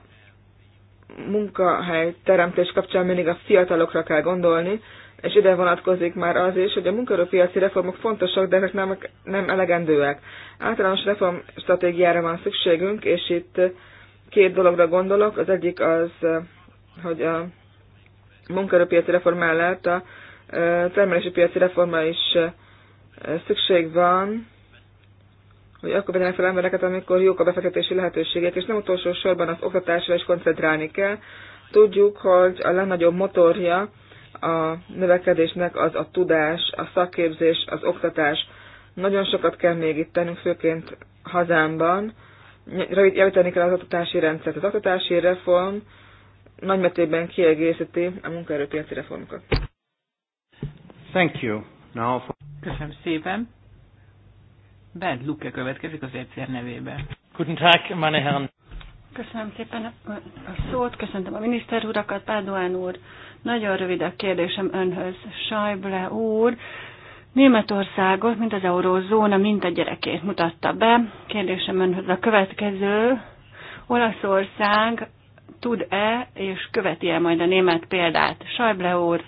munkahely teremtés kapcsán mindig a fiatalokra kell gondolni, és ide vonatkozik már az is, hogy a munkaerőpiaci reformok fontosak, de ezek nem, nem elegendőek. Általános reformstratégiára van szükségünk, és itt Két dologra gondolok. Az egyik az, hogy a munkaerőpiaci reform mellett a termelési piaci reforma is szükség van, hogy akkor vegyenek fel embereket, amikor jók a befektetési lehetőségek, és nem utolsó sorban az oktatásra is koncentrálni kell. Tudjuk, hogy a legnagyobb motorja a növekedésnek az a tudás, a szakképzés, az oktatás. Nagyon sokat kell még itt tennünk, főként hazámban, javítani kell az oktatási rendszert. Az oktatási reform nagymetében kiegészíti a munkaerőpiaci reformokat. Thank you. Now for... Köszönöm szépen. Bent Luke következik az egyszer nevében. Guten Tag, meine Herren. Köszönöm szépen a szót, köszöntöm a miniszter urakat, Pádoán úr. Nagyon rövid a kérdésem önhöz. Sajble úr, Németországot, mint az eurózóna gyerekét mutatta be. Kérdésem önhöz a következő. Olaszország tud-e és követi-e majd a német példát? Sajble úr,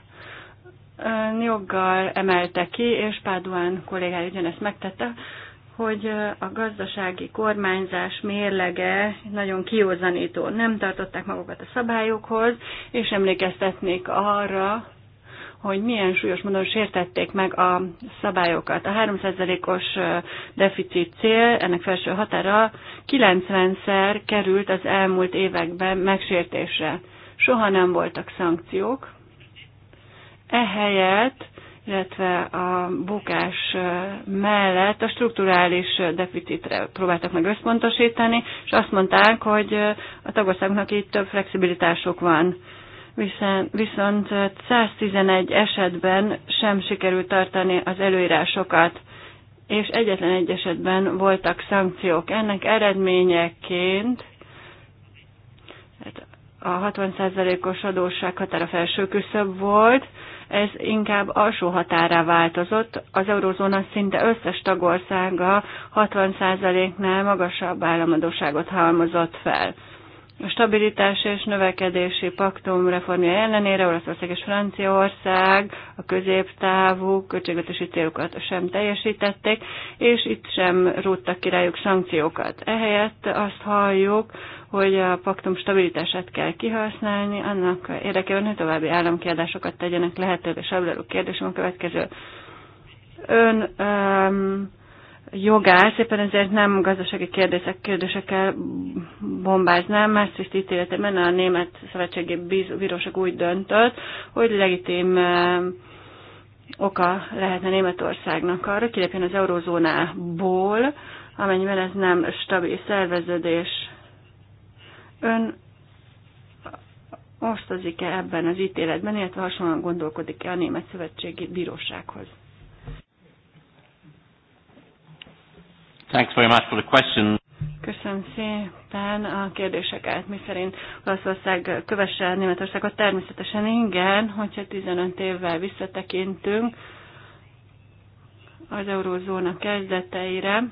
joggal emelte ki, és Páduán kollégája ugyanezt megtette, hogy a gazdasági kormányzás mérlege nagyon kiózanító. Nem tartották magukat a szabályokhoz, és emlékeztetnék arra, hogy milyen súlyos módon sértették meg a szabályokat. A 3%-os deficit cél, ennek felső határa 90-szer került az elmúlt években megsértésre. Soha nem voltak szankciók. Ehelyett illetve a bukás mellett a strukturális deficitre próbáltak meg összpontosítani, és azt mondták, hogy a tagországnak itt több flexibilitásuk van viszont, viszont 111 esetben sem sikerült tartani az előírásokat, és egyetlen egy esetben voltak szankciók. Ennek eredményeként hát a 60%-os adósság határa felső küszöb volt, ez inkább alsó határá változott. Az Eurózóna szinte összes tagországa 60%-nál magasabb államadóságot halmozott fel. A stabilitási és növekedési paktum reformja ellenére Olaszország és Franciaország a középtávú költségvetési célokat sem teljesítették, és itt sem rúttak királyuk szankciókat. Ehelyett azt halljuk, hogy a paktum stabilitását kell kihasználni, annak érdekében, hogy további államkiadásokat tegyenek lehetővé. a kérdésem a következő. Ön um, jogász, éppen ezért nem gazdasági kérdések, kérdésekkel bombáznám. is ítéletében a Német Szövetségi Bíróság úgy döntött, hogy legitim eh, oka lehetne Németországnak arra, kilépjen az eurozónából, amennyiben ez nem stabil szerveződés. Ön osztozik-e ebben az ítéletben, illetve hasonlóan gondolkodik-e a Német Szövetségi Bírósághoz? Thanks very much for the question. Köszönöm szépen a kérdéseket, mi szerint Olaszország kövesse a Németországot. Természetesen igen, hogyha 15 évvel visszatekintünk az eurózóna kezdeteire,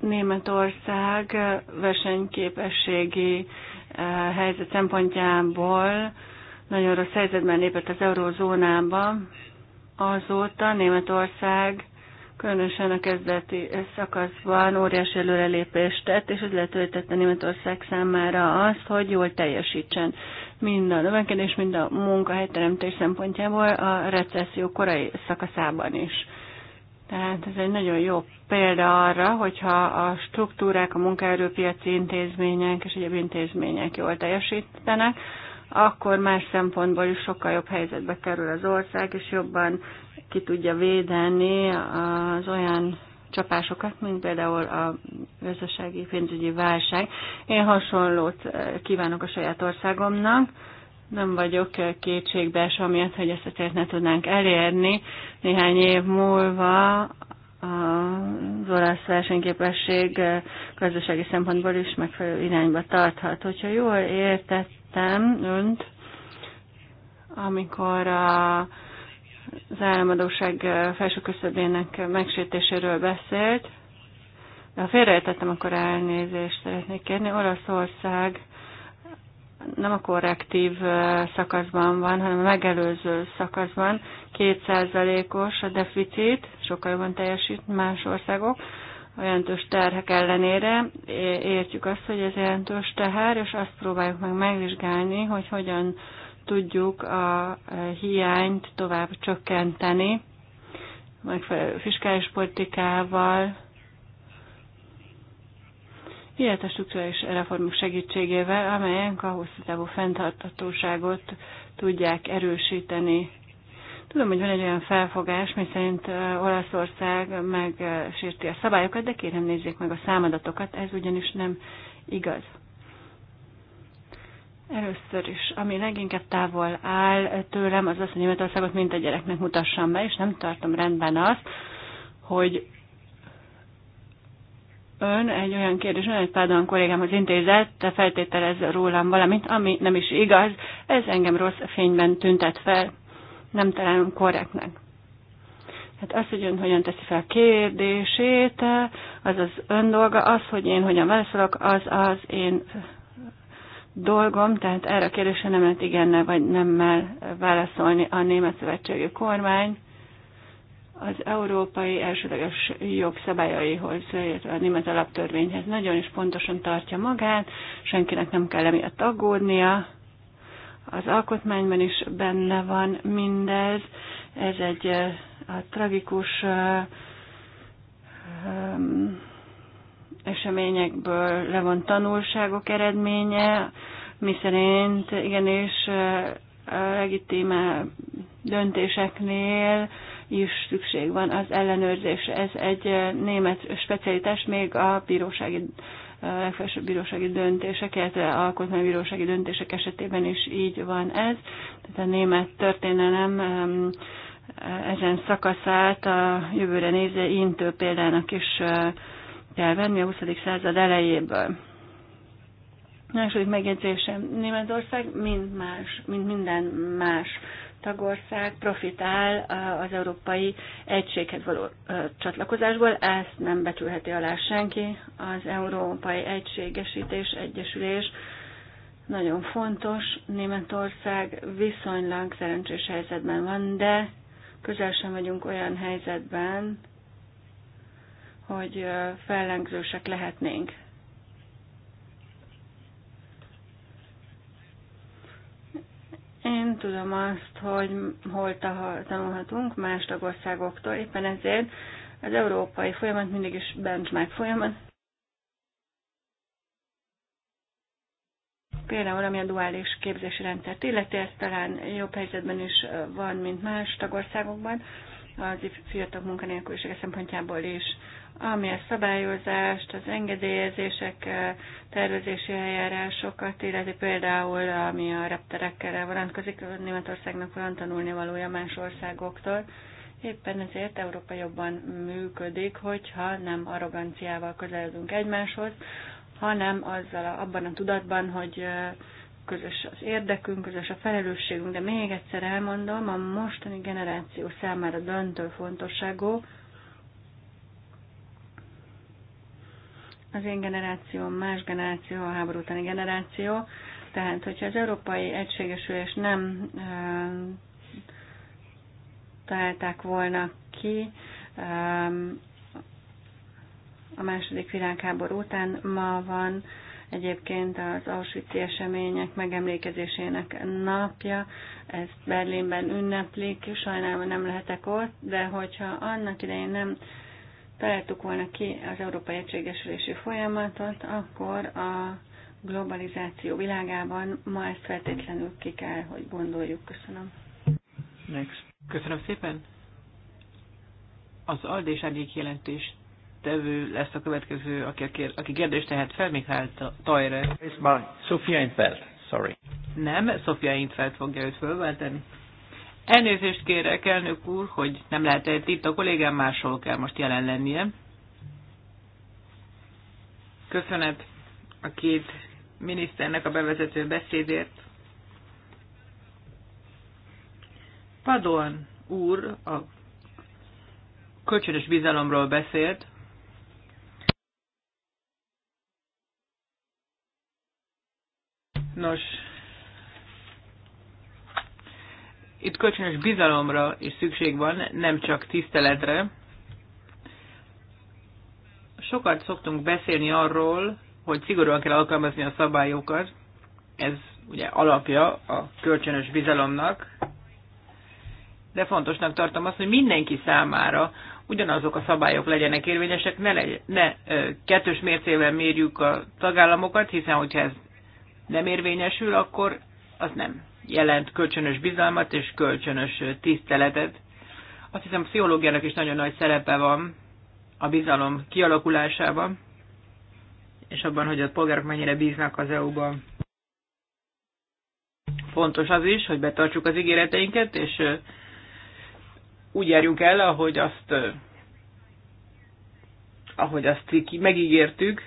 Németország versenyképességi eh, helyzet szempontjából nagyon rossz helyzetben lépett az eurózónába. Azóta Németország különösen a kezdeti szakaszban óriási előrelépést tett, és ez lehetővé tette Németország számára azt, hogy jól teljesítsen mind a növekedés, mind a munkahelyteremtés szempontjából a recesszió korai szakaszában is. Tehát ez egy nagyon jó példa arra, hogyha a struktúrák, a munkaerőpiaci intézmények és egyéb intézmények jól teljesítenek, akkor más szempontból is sokkal jobb helyzetbe kerül az ország, és jobban ki tudja védeni az olyan csapásokat, mint például a gazdasági pénzügyi válság. Én hasonlót eh, kívánok a saját országomnak, nem vagyok eh, kétségbees amiatt, hogy ezt a célt ne tudnánk elérni. Néhány év múlva az olasz versenyképesség eh, gazdasági szempontból is megfelelő irányba tarthat. Hogyha jól értettem önt, amikor a az államadóság felső küszöbének megsértéséről beszélt. De ha félreértettem, akkor elnézést szeretnék kérni. Olaszország nem a korrektív szakaszban van, hanem a megelőző szakaszban. Kétszázalékos a deficit, sokkal jobban teljesít más országok a jelentős terhek ellenére. Értjük azt, hogy ez jelentős teher, és azt próbáljuk meg megvizsgálni, hogy hogyan tudjuk a hiányt tovább csökkenteni, megfelelő fiskális politikával, illetve struktúrális reformok segítségével, amelyek a hosszú távú fenntartatóságot tudják erősíteni. Tudom, hogy van egy olyan felfogás, mi szerint Olaszország megsérti a szabályokat, de kérem nézzék meg a számadatokat, ez ugyanis nem igaz. Először is, ami leginkább távol áll tőlem, az az, hogy Németországot mint a gyereknek mutassam be, és nem tartom rendben azt, hogy ön egy olyan kérdés, ön egy az kollégámhoz intézett, feltételez rólam valamit, ami nem is igaz, ez engem rossz fényben tüntet fel, nem találom korrektnek. Hát az, hogy ön hogyan teszi fel a kérdését, az az ön dolga, az, hogy én hogyan válaszolok, az az én dolgom, tehát erre a kérdésre nem lehet igenne vagy nemmel válaszolni a Német Szövetségi Kormány az európai elsődleges jogszabályaihoz, illetve a német alaptörvényhez nagyon is pontosan tartja magát, senkinek nem kell emiatt aggódnia, az alkotmányban is benne van mindez, ez egy eh, a tragikus um, eseményekből levont tanulságok eredménye, miszerint igenis legitime döntéseknél is szükség van az ellenőrzésre. Ez egy német specialitás, még a bírósági, legfelsőbb bírósági döntések, illetve alkotmánybírósági döntések esetében is így van ez. Tehát a német történelem ezen szakaszát a jövőre nézve intő példának is kell venni a 20. század elejéből. Második megjegyzésem, Németország, mint más, mint minden más tagország profitál az európai egységhez való csatlakozásból, ezt nem becsülheti alá senki. Az európai egységesítés, egyesülés nagyon fontos. Németország viszonylag szerencsés helyzetben van, de közel sem vagyunk olyan helyzetben, hogy fellengzősek lehetnénk. Én tudom azt, hogy hol tanulhatunk más tagországoktól, éppen ezért az európai folyamat mindig is benchmark folyamat. Például, ami a duális képzési rendszert illeti, ez talán jobb helyzetben is van, mint más tagországokban, az fiatal munkanélkülisége szempontjából is ami a szabályozást, az engedélyezések, tervezési eljárásokat, illeti például, ami a repterekkel vonatkozik, Németországnak van tanulni valója más országoktól. Éppen ezért Európa jobban működik, hogyha nem arroganciával közeledünk egymáshoz, hanem azzal a, abban a tudatban, hogy közös az érdekünk, közös a felelősségünk, de még egyszer elmondom, a mostani generáció számára döntő fontosságú, az én generációm, más generáció, a háború utáni generáció. Tehát, hogyha az európai egységesülés nem e, találták volna ki e, a második világháború után, ma van egyébként az auschwitz események megemlékezésének napja, ezt Berlinben ünneplik, sajnálom nem lehetek ott, de hogyha annak idején nem találtuk volna ki az Európai Egységesülési folyamatot, akkor a globalizáció világában ma ezt feltétlenül ki kell, hogy gondoljuk. Köszönöm. Next. Köszönöm szépen. Az Ald és Árnyék jelentés tevő lesz a következő, aki, aki kérdést tehet fel, Mikhail Tajre. It's Sophia Infeld, sorry. Nem, Sophia Infeld fogja őt fölváltani. Elnézést kérek, elnök úr, hogy nem lehetett itt, a kollégám máshol kell most jelen lennie. Köszönet a két miniszternek a bevezető beszédért. Padon úr a kölcsönös bizalomról beszélt, Nos, Itt kölcsönös bizalomra is szükség van, nem csak tiszteletre. Sokat szoktunk beszélni arról, hogy szigorúan kell alkalmazni a szabályokat. Ez ugye alapja a kölcsönös bizalomnak. De fontosnak tartom azt, hogy mindenki számára ugyanazok a szabályok legyenek érvényesek, ne, legy- ne ö, kettős mércével mérjük a tagállamokat, hiszen hogyha ez nem érvényesül, akkor az nem jelent kölcsönös bizalmat és kölcsönös tiszteletet. Azt hiszem, a pszichológiának is nagyon nagy szerepe van a bizalom kialakulásában, és abban, hogy a polgárok mennyire bíznak az EU-ban. Fontos az is, hogy betartsuk az ígéreteinket, és úgy járjunk el, ahogy azt, ahogy azt megígértük,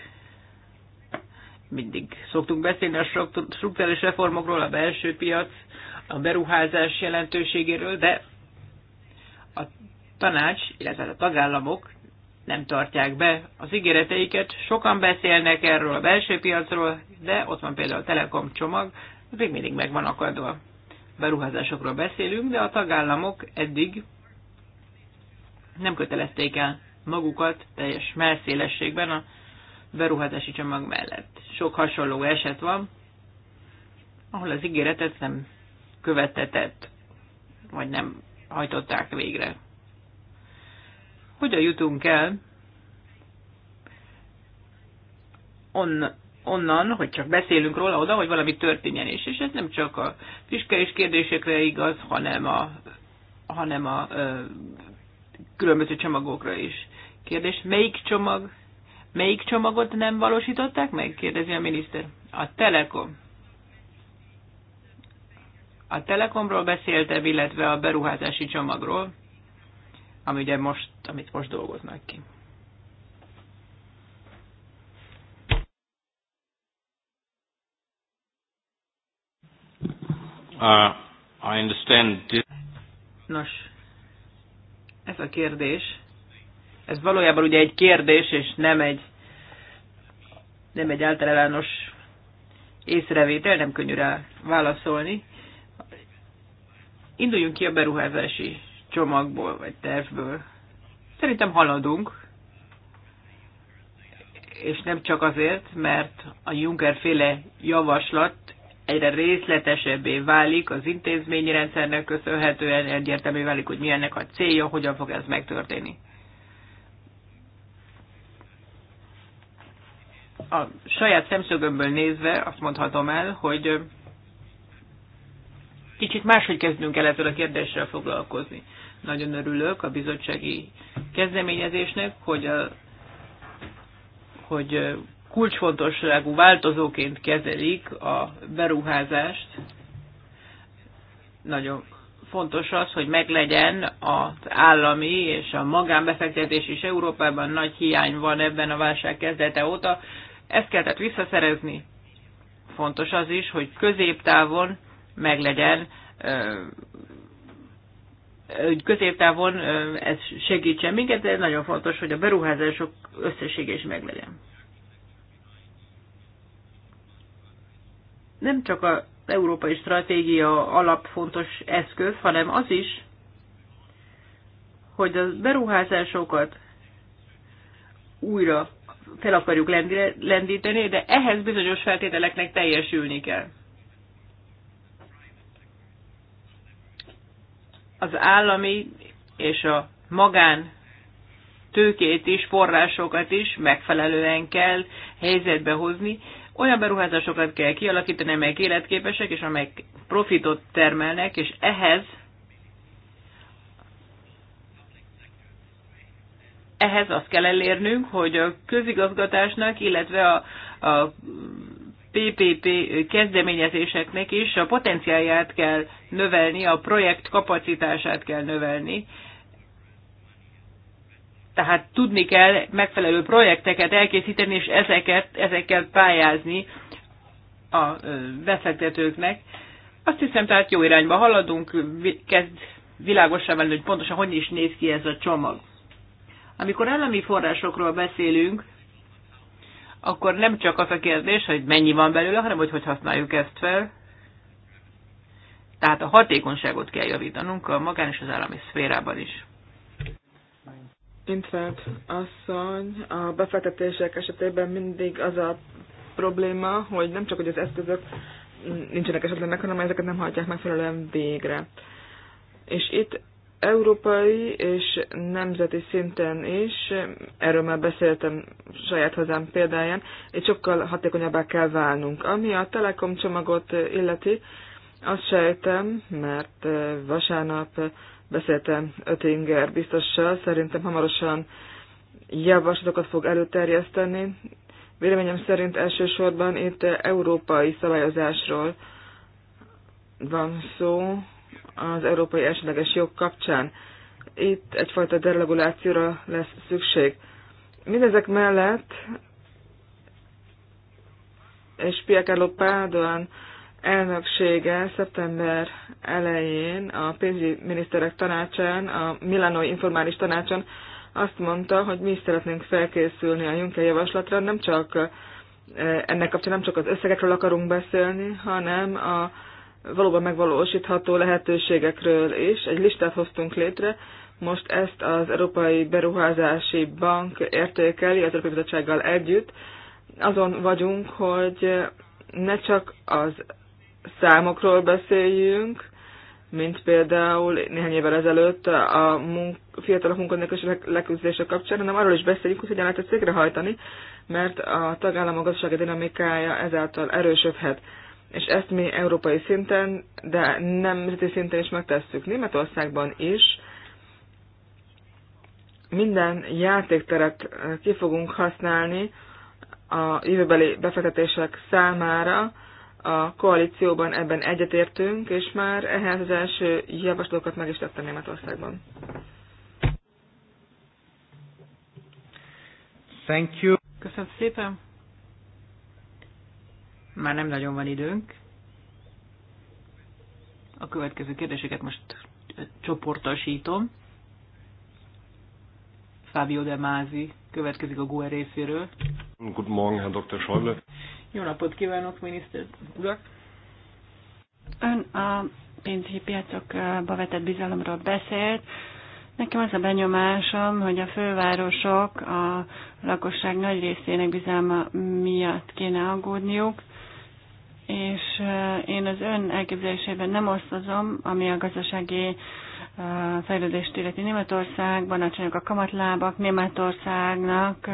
mindig szoktunk beszélni a struktúrális reformokról, a belső piac, a beruházás jelentőségéről, de a tanács, illetve a tagállamok nem tartják be az ígéreteiket. Sokan beszélnek erről a belső piacról, de ott van például a Telekom csomag, ez még mindig meg van akadva. Beruházásokról beszélünk, de a tagállamok eddig nem kötelezték el magukat teljes melszélességben a beruházási csomag mellett. Sok hasonló eset van, ahol az ígéretet nem követetett, vagy nem hajtották végre. Hogyan jutunk el on, onnan, hogy csak beszélünk róla oda, hogy valami történjen is. És ez nem csak a fiskális kérdésekre igaz, hanem a, hanem a ö, különböző csomagokra is. Kérdés, melyik csomag Melyik csomagot nem valósították meg? kérdezi a miniszter. A Telekom. A Telekomról beszéltem, illetve a beruházási csomagról, ami ugye most, amit most dolgoznak ki. Uh, I understand this. Nos, ez a kérdés ez valójában ugye egy kérdés, és nem egy, nem egy általános észrevétel, nem könnyű rá válaszolni. Induljunk ki a beruházási csomagból, vagy tervből. Szerintem haladunk, és nem csak azért, mert a Juncker féle javaslat egyre részletesebbé válik, az intézményi rendszernek köszönhetően egyértelmű válik, hogy milyennek a célja, hogyan fog ez megtörténni. a saját szemszögömből nézve azt mondhatom el, hogy kicsit máshogy kezdünk el ezzel a kérdéssel foglalkozni. Nagyon örülök a bizottsági kezdeményezésnek, hogy, a, hogy kulcsfontosságú változóként kezelik a beruházást. Nagyon fontos az, hogy meglegyen az állami és a magánbefektetés is Európában nagy hiány van ebben a válság kezdete óta. Ezt kell tehát visszaszerezni. Fontos az is, hogy középtávon meglegyen, hogy középtávon ez segítsen minket, de nagyon fontos, hogy a beruházások összessége is meglegyen. Nem csak a európai stratégia fontos eszköz, hanem az is, hogy a beruházásokat újra fel akarjuk lendíteni, de ehhez bizonyos feltételeknek teljesülni kell. Az állami és a magán tőkét is, forrásokat is megfelelően kell helyzetbe hozni. Olyan beruházásokat kell kialakítani, amelyek életképesek és amelyek profitot termelnek, és ehhez ehhez azt kell elérnünk, hogy a közigazgatásnak, illetve a, a PPP kezdeményezéseknek is a potenciáját kell növelni, a projekt kapacitását kell növelni. Tehát tudni kell megfelelő projekteket elkészíteni, és ezeket, ezekkel pályázni a befektetőknek. Azt hiszem, tehát jó irányba haladunk, kezd világosan venni, hogy pontosan hogy is néz ki ez a csomag. Amikor állami forrásokról beszélünk, akkor nem csak az a kérdés, hogy mennyi van belőle, hanem hogy hogy használjuk ezt fel. Tehát a hatékonyságot kell javítanunk a magán és az állami szférában is. Intvert asszony, a befektetések esetében mindig az a probléma, hogy nem csak hogy az eszközök nincsenek esetlenek, hanem ezeket nem hagyják megfelelően végre. És itt európai és nemzeti szinten is, erről már beszéltem saját hazám példáján, egy sokkal hatékonyabbá kell válnunk. Ami a Telekom csomagot illeti, azt sejtem, mert eh, vasárnap eh, beszéltem Ötinger biztossal, szerintem hamarosan javaslatokat fog előterjeszteni. Véleményem szerint elsősorban itt eh, európai szabályozásról van szó, az európai esetleges jog kapcsán. Itt egyfajta deregulációra lesz szükség. Mindezek mellett, és Piacello Pádoan elnöksége szeptember elején a pénzügyi miniszterek tanácsán, a Milanoi informális tanácson azt mondta, hogy mi is szeretnénk felkészülni a Juncker javaslatra, nem csak eh, ennek kapcsán nem csak az összegekről akarunk beszélni, hanem a valóban megvalósítható lehetőségekről is. Egy listát hoztunk létre, most ezt az Európai Beruházási Bank értékeli az Európai Bizottsággal együtt. Azon vagyunk, hogy ne csak az számokról beszéljünk, mint például néhány évvel ezelőtt a munk, fiatalok munkanélküliség leküzdése kapcsán, hanem arról is beszéljünk, hogy hogyan lehet ezt végrehajtani, mert a tagállamok gazdasági dinamikája ezáltal erősödhet és ezt mi európai szinten, de nemzeti szinten is megtesszük. Németországban is minden játékteret eh, ki fogunk használni a jövőbeli befektetések számára. A koalícióban ebben egyetértünk, és már ehhez az első javaslatokat meg is tettem Németországban. Thank you. Köszönöm szépen már nem nagyon van időnk. A következő kérdéseket most csoportosítom. Fábio De Mázi következik a GUE részéről. Good morning, Herr Dr. Schäuble. Jó napot kívánok, miniszter urak! Ön a pénzügyi piacok bevetett bizalomról beszélt. Nekem az a benyomásom, hogy a fővárosok a lakosság nagy részének bizalma miatt kéne aggódniuk és én az ön elképzelésében nem osztozom, ami a gazdasági fejlődést illeti Németországban, alacsonyak a kamatlábak, Németországnak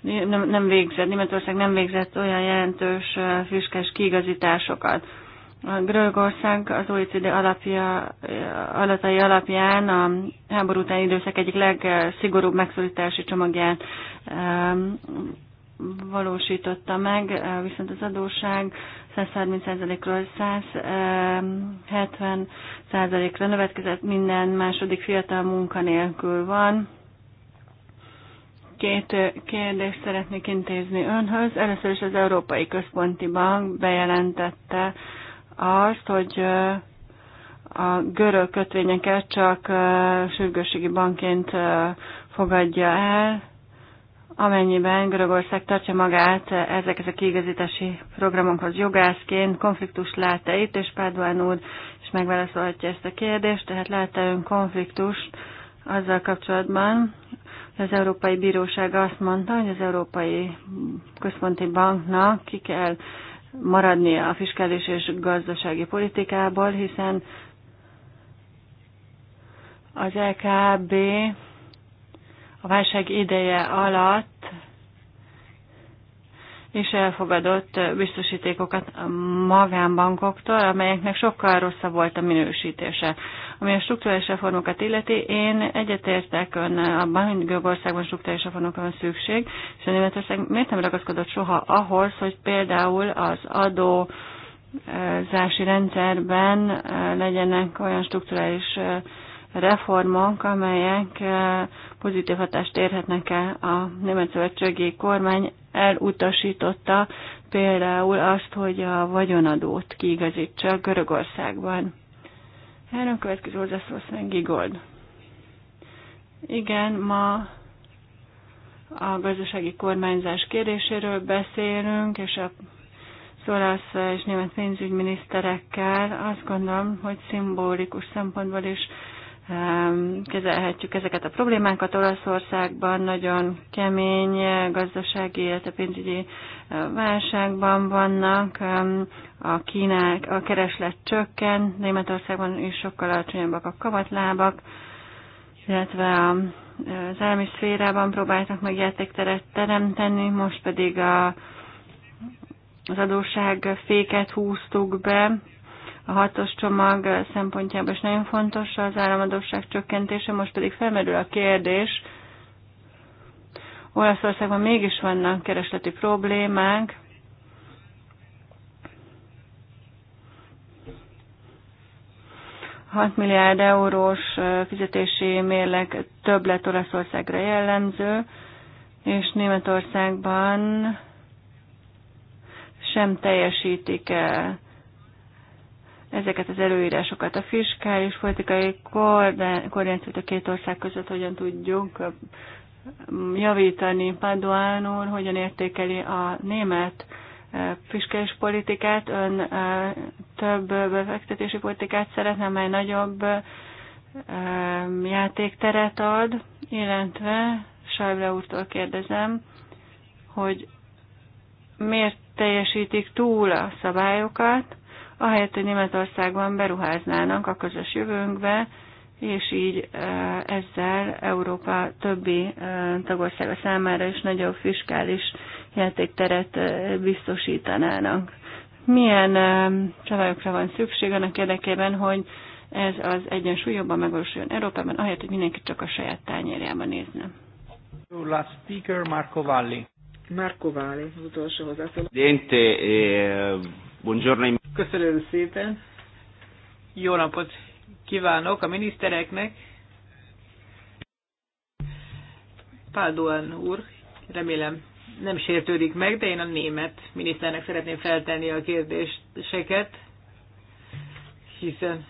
nem, nem végzett, Németország nem végzett olyan jelentős füskes kiigazításokat. A Görögország az OECD alapja, alatai alapján a háború utáni időszak egyik legszigorúbb megszorítási csomagját valósította meg, viszont az adóság 130%-ról 170%-ra növekedett, minden második fiatal munkanélkül van. Két kérdést szeretnék intézni önhöz. Először is az Európai Központi Bank bejelentette azt, hogy a görög kötvényeket csak sürgősségi bankként fogadja el, amennyiben Görögország tartja magát ezekhez a kiigazítási programokhoz jogászként, konfliktus lát-e itt, és Pádván úr is megválaszolhatja ezt a kérdést, tehát lát-e ön konfliktust azzal kapcsolatban, hogy az Európai Bíróság azt mondta, hogy az Európai Központi Banknak ki kell maradnia a fiskális és gazdasági politikából, hiszen az LKB e a válság ideje alatt és elfogadott biztosítékokat a magánbankoktól, amelyeknek sokkal rosszabb volt a minősítése. Ami a struktúrális reformokat illeti, én egyetértek ön abban, hogy Görögországban struktúrális reformokra van szükség, és a Németország miért nem ragaszkodott soha ahhoz, hogy például az adó zási rendszerben legyenek olyan strukturális reformok, amelyek pozitív hatást érhetnek el. A Német Szövetségi Kormány elutasította például azt, hogy a vagyonadót kiigazítsa Görögországban. a következő hozzászól Gigold. Igen, ma a gazdasági kormányzás kérdéséről beszélünk, és a szolasz és német pénzügyminiszterekkel azt gondolom, hogy szimbolikus szempontból is kezelhetjük ezeket a problémákat. Olaszországban nagyon kemény gazdasági, illetve pénzügyi válságban vannak, a, kínál, a kereslet csökken, Németországban is sokkal alacsonyabbak a kamatlábak, illetve az állami szférában próbáltak meg játékteret teremteni, most pedig a, az adósság féket húztuk be, a hatos csomag szempontjából is nagyon fontos az államadóság csökkentése, most pedig felmerül a kérdés, Olaszországban mégis vannak keresleti problémák, a 6 milliárd eurós fizetési mérleg többlet Olaszországra jellemző, és Németországban sem teljesítik el ezeket az előírásokat. A fiskális politikai koordinációt a két ország között hogyan tudjuk javítani. Paduán úr hogyan értékeli a német fiskális politikát, ön több befektetési politikát szeretne, mely nagyobb játékteret ad, illetve Sajbra úrtól kérdezem, hogy miért teljesítik túl a szabályokat, ahelyett, hogy Németországban beruháznának a közös jövőnkbe, és így ezzel Európa többi tagországa számára is nagyobb fiskális játékteret biztosítanának. Milyen csalajokra van szükség annak érdekében, hogy ez az egyensúly jobban megvalósuljon Európában, ahelyett, hogy mindenki csak a saját tányérjában nézne. Last speaker Marco Valli. Marco Valli, az utolsó hozzászóló. Buongiorno. Köszönöm szépen. Jó napot kívánok a minisztereknek. Páldoan úr, remélem nem sértődik meg, de én a német miniszternek szeretném feltenni a kérdéseket, hiszen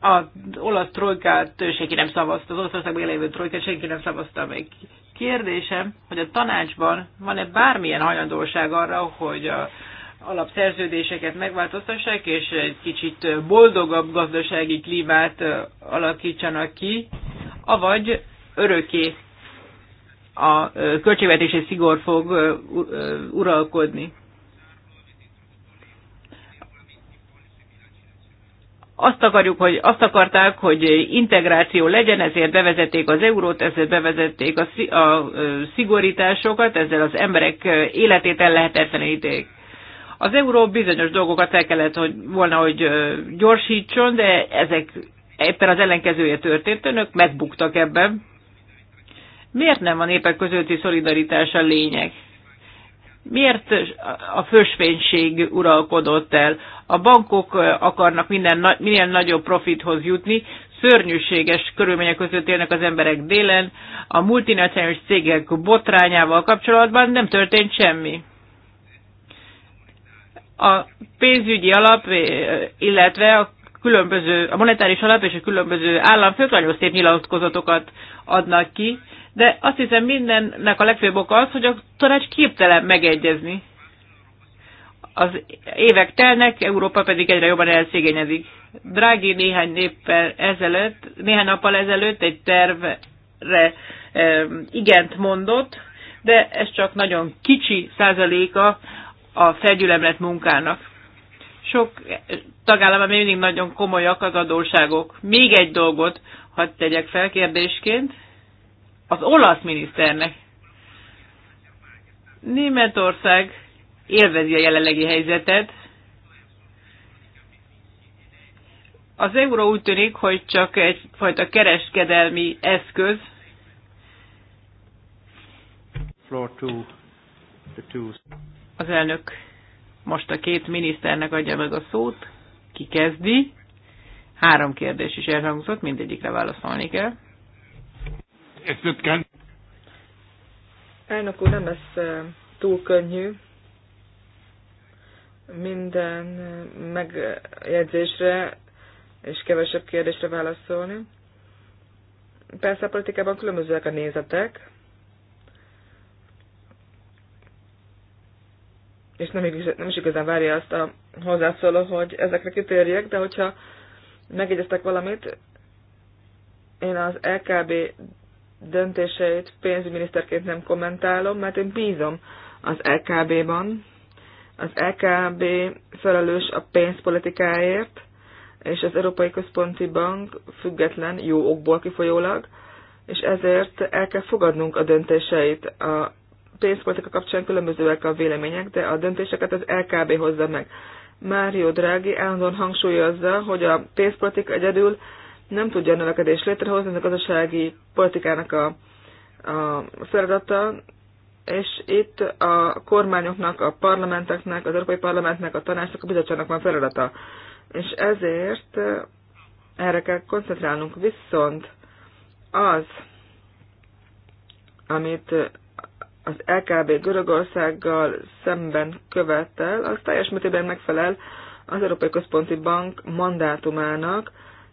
az olasz trojkát senki nem szavazta, az Olaszországban lévő trojkát senki nem szavazta meg. Kérdésem, hogy a tanácsban van-e bármilyen hajlandóság arra, hogy a alapszerződéseket megváltoztassák, és egy kicsit boldogabb gazdasági klímát alakítsanak ki, avagy öröké a költségvetési szigor fog uralkodni. azt akarjuk, hogy azt akarták, hogy integráció legyen, ezért bevezették az eurót, ezért bevezették a, a szigorításokat, ezzel az emberek életét el lehetetlenítik. Az euró bizonyos dolgokat el kellett hogy, volna, hogy gyorsítson, de ezek éppen az ellenkezője történt, önök megbuktak ebben. Miért nem a népek közötti szolidaritás a lényeg? Miért a fősvénység uralkodott el? A bankok akarnak minden, minél nagyobb profithoz jutni, szörnyűséges körülmények között élnek az emberek délen, a multinacionális cégek botrányával kapcsolatban nem történt semmi. A pénzügyi alap, illetve a különböző, a monetáris alap és a különböző államfők nagyon szép nyilatkozatokat adnak ki, de azt hiszem mindennek a legfőbb oka az, hogy a tanács képtelen megegyezni. Az évek telnek, Európa pedig egyre jobban elszégényezik. Drági néhány néppel ezelőtt, néhány nappal ezelőtt egy tervre e, igent mondott, de ez csak nagyon kicsi százaléka a felgyülemlet munkának. Sok tagállamban mindig nagyon komolyak az adóságok. Még egy dolgot hadd tegyek fel kérdésként, az olasz miniszternek. Németország élvezi a jelenlegi helyzetet. Az euró úgy tűnik, hogy csak egyfajta kereskedelmi eszköz. Az elnök most a két miniszternek adja meg a szót. Ki kezdi? Három kérdés is elhangzott, mindegyikre válaszolni kell ez wird ganz... Elnök úr, nem lesz túl könnyű. Minden megjegyzésre és kevesebb kérdésre válaszolni. Persze a politikában különbözőek a nézetek, és nem, is, nem is igazán várja azt a hozzászóló, hogy ezekre kitérjek, de hogyha megjegyeztek valamit, én az LKB döntéseit pénzügyminiszterként nem kommentálom, mert én bízom az LKB-ban. Az LKB felelős a pénzpolitikáért, és az Európai Központi Bank független jó okból kifolyólag, és ezért el kell fogadnunk a döntéseit. A pénzpolitika kapcsán különbözőek a vélemények, de a döntéseket az LKB hozza meg. Mário Draghi állandóan hangsúlyozza, hogy a pénzpolitika egyedül nem tudja a növekedést létrehozni, ez a gazdasági politikának a, a feladata, és itt a kormányoknak, a parlamenteknek, az Európai Parlamentnek, a tanácsnak, a bizottságnak van feladata. És ezért eh, erre kell koncentrálnunk. Viszont az, amit az LKB Görögországgal szemben követel, az teljes mértékben megfelel az Európai Központi Bank mandátumának,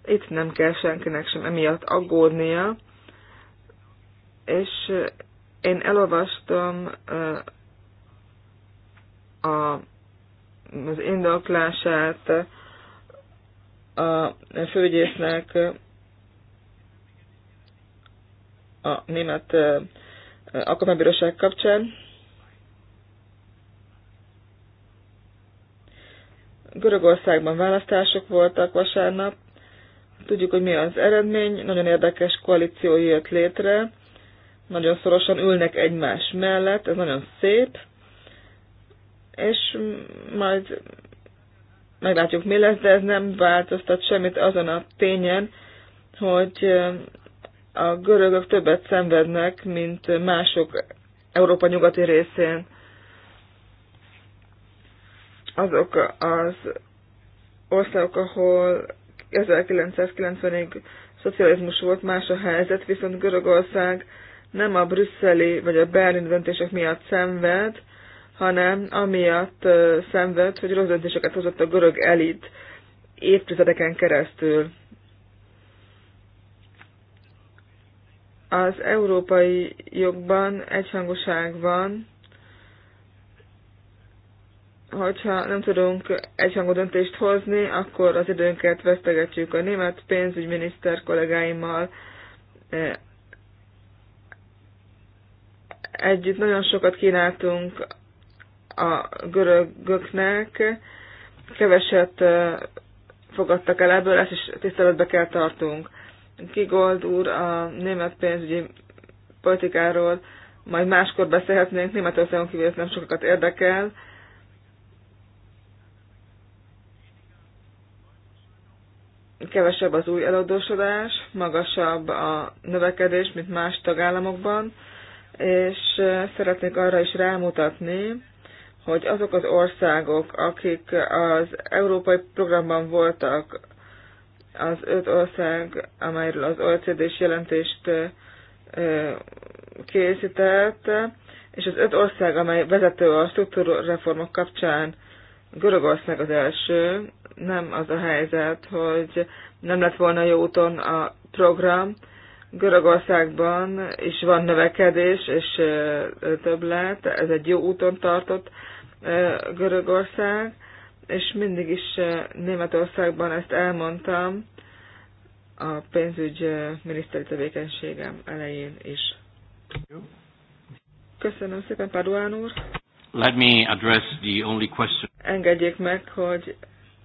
itt nem kell senkinek sem emiatt aggódnia, és én elolvastam a, az indoklását a főgyésznek a német alkotmánybíróság kapcsán. Görögországban választások voltak vasárnap, Tudjuk, hogy mi az eredmény, nagyon érdekes koalíció jött létre, nagyon szorosan ülnek egymás mellett, ez nagyon szép, és majd meglátjuk, mi lesz, de ez nem változtat semmit azon a tényen, hogy eh, a görögök többet szenvednek, mint mások Európa nyugati részén. Azok az országok, ahol 1990-ig szocializmus volt, más a helyzet, viszont Görögország nem a brüsszeli vagy a berlin döntések miatt szenved, hanem amiatt szenved, hogy rossz döntéseket hozott a görög elit évtizedeken keresztül. Az európai jogban egyhangoság van, hogyha nem tudunk egyhangú döntést hozni, akkor az időnket vesztegetjük a német pénzügyminiszter kollégáimmal. E, együtt nagyon sokat kínáltunk a görögöknek, keveset e, fogadtak el ebből, ezt is tiszteletbe kell tartunk. Kigold úr a német pénzügyi politikáról majd máskor beszélhetnénk, Németországon kívül ez nem sokakat érdekel, kevesebb az új eladósodás, magasabb a növekedés, mint más tagállamokban, és szeretnék arra is rámutatni, hogy azok az országok, akik az európai programban voltak, az öt ország, amelyről az OECD-s jelentést készített, és az öt ország, amely vezető a struktúrreformok kapcsán Görögország az első, nem az a helyzet, hogy nem lett volna jó úton a program. Görögországban is van növekedés és lett, ez egy jó úton tartott Görögország, és mindig is Németországban ezt elmondtam a pénzügy miniszteri tevékenységem elején is. Köszönöm szépen, Paduán úr! Let me address the only question. Engedjék meg, hogy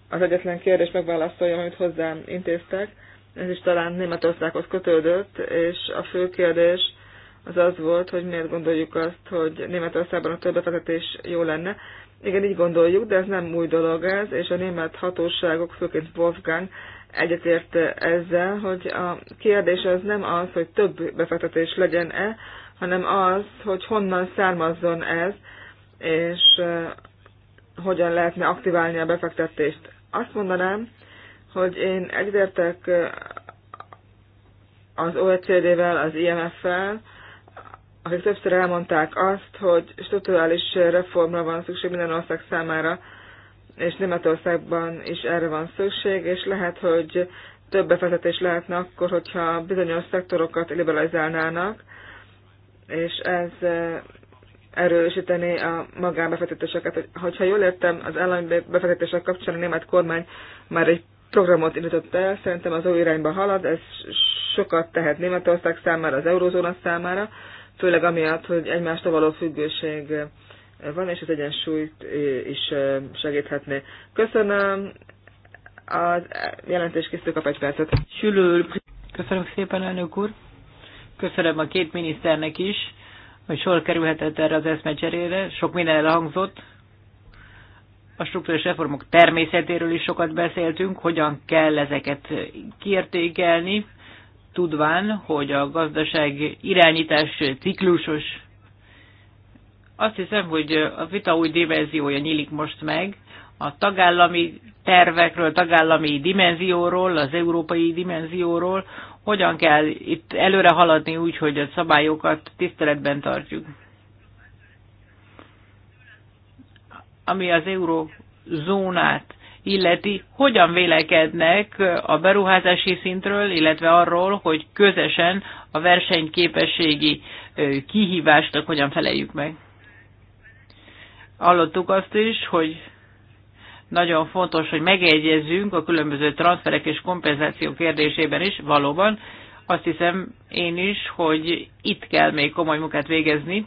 az egyetlen kérdés megválaszoljam, amit hozzám intéztek. Ez is talán Németországhoz kötődött, és a fő kérdés az az volt, hogy miért gondoljuk azt, hogy Németországban a többefektetés jó lenne. Igen, így gondoljuk, de ez nem új dolog ez, és a német hatóságok, főként Wolfgang, egyetért ezzel, hogy a kérdés az nem az, hogy több befektetés legyen-e, hanem az, hogy honnan származzon ez, és hogyan lehetne aktiválni a befektetést. Azt mondanám, hogy én egyértek az OECD-vel, az IMF-fel, akik többször elmondták azt, hogy strukturális reformra van szükség minden ország számára, és Németországban is erre van szükség, és lehet, hogy több befektetés lehetne akkor, hogyha bizonyos szektorokat liberalizálnának, és ez erősíteni a magánbefektetéseket. Hogyha jól értem, az állami befektetések kapcsán a német kormány már egy programot indított el, szerintem az új irányba halad, ez sokat tehet Németország számára, az eurózóna számára, főleg amiatt, hogy egymástól való függőség van, és az egyensúlyt is segíthetné. Köszönöm, jelentés jelentéskészítő kap egy percet. Köszönöm szépen, elnök úr. Köszönöm a két miniszternek is hogy sor kerülhetett erre az eszmecserére, sok minden elhangzott. A struktúrás reformok természetéről is sokat beszéltünk, hogyan kell ezeket kiértékelni, tudván, hogy a gazdaság irányítás ciklusos. Azt hiszem, hogy a vita új dimenziója nyílik most meg, a tagállami tervekről, tagállami dimenzióról, az európai dimenzióról, hogyan kell itt előre haladni úgy, hogy a szabályokat tiszteletben tartjuk. Ami az Eurozónát, illeti, hogyan vélekednek a beruházási szintről, illetve arról, hogy közösen a versenyképességi kihívástak hogyan feleljük meg. Hallottuk azt is, hogy nagyon fontos, hogy megegyezzünk a különböző transferek és kompenzáció kérdésében is, valóban. Azt hiszem én is, hogy itt kell még komoly munkát végezni,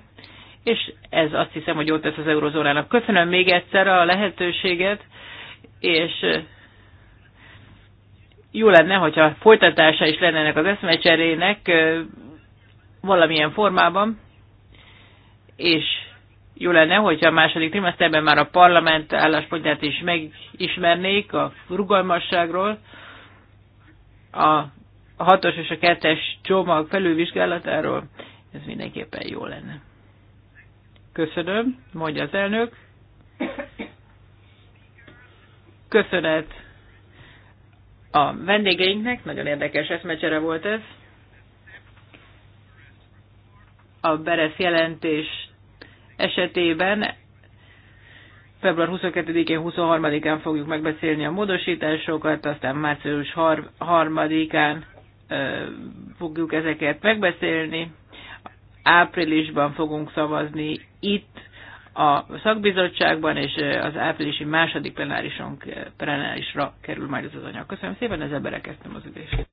és ez azt hiszem, hogy jót tesz az eurozónának. Köszönöm még egyszer a lehetőséget, és jó lenne, hogyha folytatása is lenne ennek az eszmecserének valamilyen formában, és jó lenne, hogyha a második trimesterben már a parlament álláspontját is megismernék a rugalmasságról, a hatos és a kettes csomag felülvizsgálatáról, ez mindenképpen jó lenne. Köszönöm, mondja az elnök. Köszönet a vendégeinknek, nagyon érdekes eszmecsere volt ez. A Beres jelentés esetében február 22-én, 23-án fogjuk megbeszélni a módosításokat, aztán március 3-án fogjuk ezeket megbeszélni. Áprilisban fogunk szavazni itt a szakbizottságban, és az áprilisi második plenárisra kerül majd ez az anyag. Köszönöm szépen, ezzel berekeztem az ülést.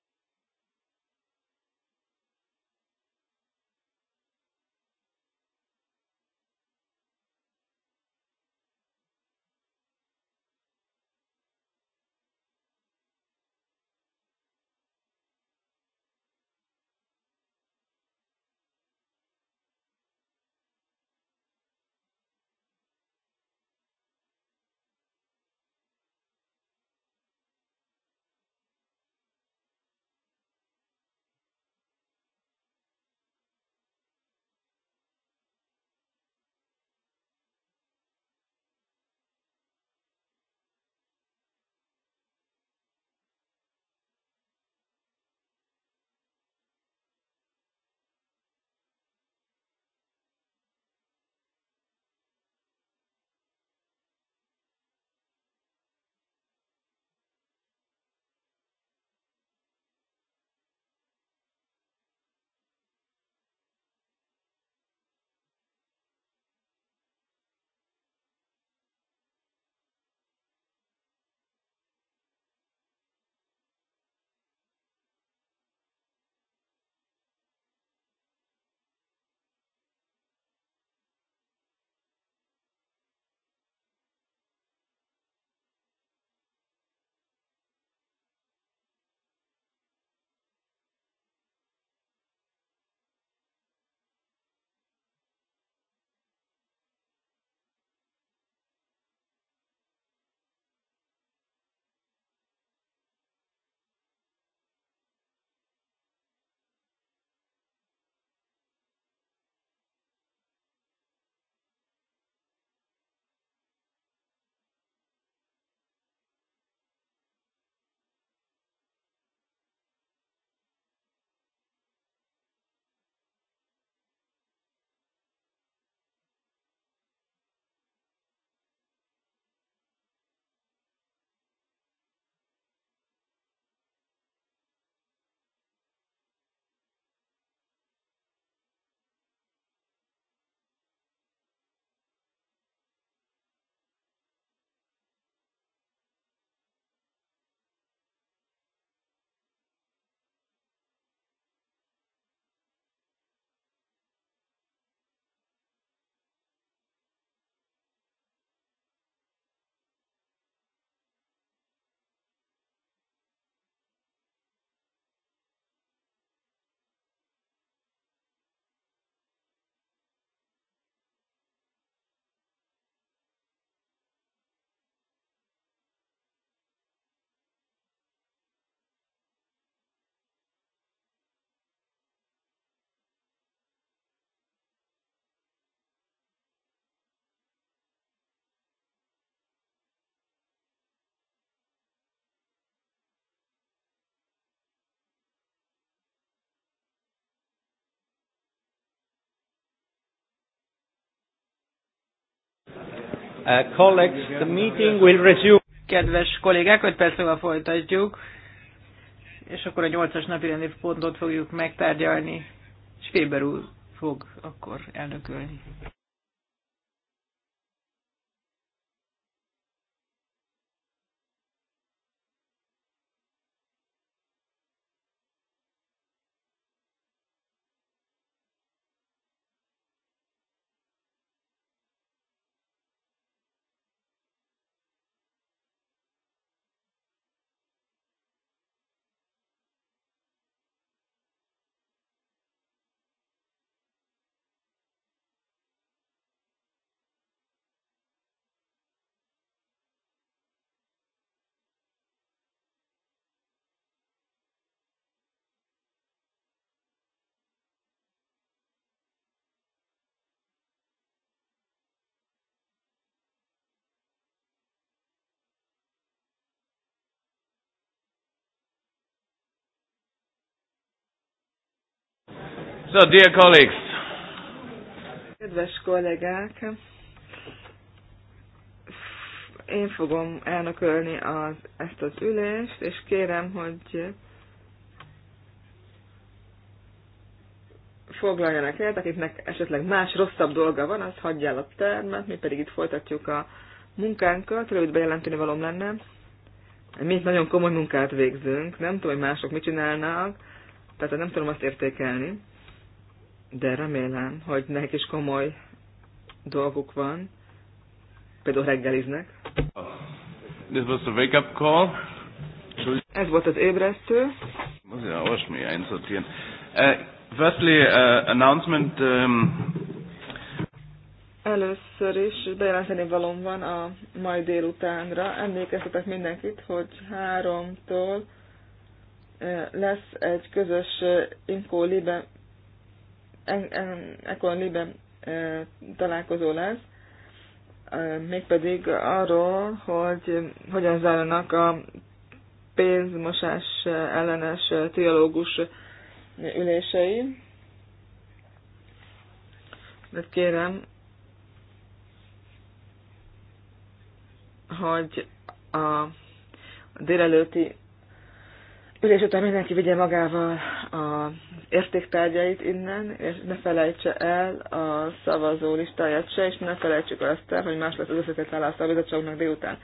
Uh, colleagues, the meeting will resume. Kedves kollégák, 5 perc a folytatjuk, és akkor a 8-as napi pontot fogjuk megtárgyalni, és Féber úr fog akkor elnökölni. So, dear colleagues. Kedves kollégák, én fogom elnökölni az, ezt az ülést, és kérem, hogy foglaljanak el, akiknek esetleg más rosszabb dolga van, az hagyjál el a termet, mi pedig itt folytatjuk a munkánkat, rövid bejelenteni valom lenne. Mi itt nagyon komoly munkát végzünk, nem tudom, hogy mások mit csinálnak, tehát nem tudom azt értékelni de remélem, hogy nekik is komoly dolguk van. Például reggeliznek. This was a wake-up call. Ez volt az ébresztő. Muss ja olvasni, einsortieren. Uh, firstly, uh, announcement. Um... Először is bejelenteni valom van a mai délutánra. Emlékeztetek mindenkit, hogy háromtól äh, lesz egy közös Inkó Libe ekkor a Libe találkozó lesz, mégpedig arról, hogy hogyan zárnak a pénzmosás ellenes teológus ülései. mert kérem, hogy a délelőtti ülés után mindenki vigye magával a értéktárgyait innen, és ne felejtse el a szavazó listáját se, és ne felejtsük el azt el, hogy más lesz az állás a bizottságnak délután.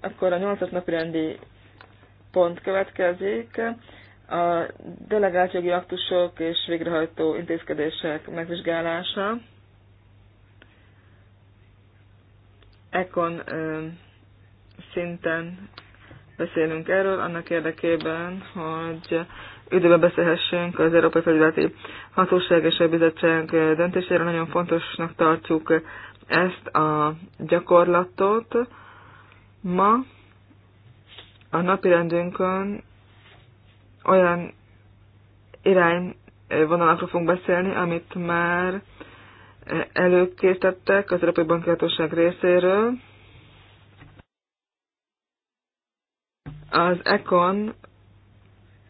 Akkor a nyolcas napi rendi pont következik. A delegált aktusok és végrehajtó intézkedések megvizsgálása. Ekon szinten beszélünk erről, annak érdekében, hogy időben beszélhessünk az Európai Felügyeleti Hatóság és a Bizottság döntésére. Nagyon fontosnak tartjuk ezt a gyakorlatot. Ma a napirendünkön olyan irányvonalakról fogunk beszélni, amit már előkészítettek az Európai Banki Hatóság részéről. Az ECON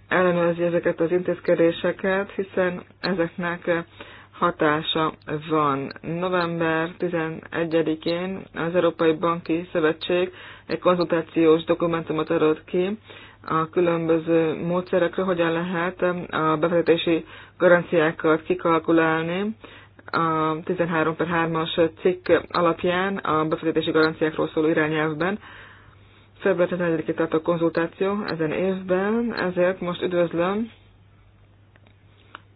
ellenőrzi ezeket az intézkedéseket, hiszen ezeknek hatása van. November 11-én az Európai Banki Szövetség egy konzultációs dokumentumot adott ki a különböző módszerekre, hogyan lehet a befektetési garanciákat kikalkulálni. A 13 per 3-as cikk alapján a befektetési garanciákról szóló irányelvben Február 11-ig tart a konzultáció ezen évben, ezért most üdvözlöm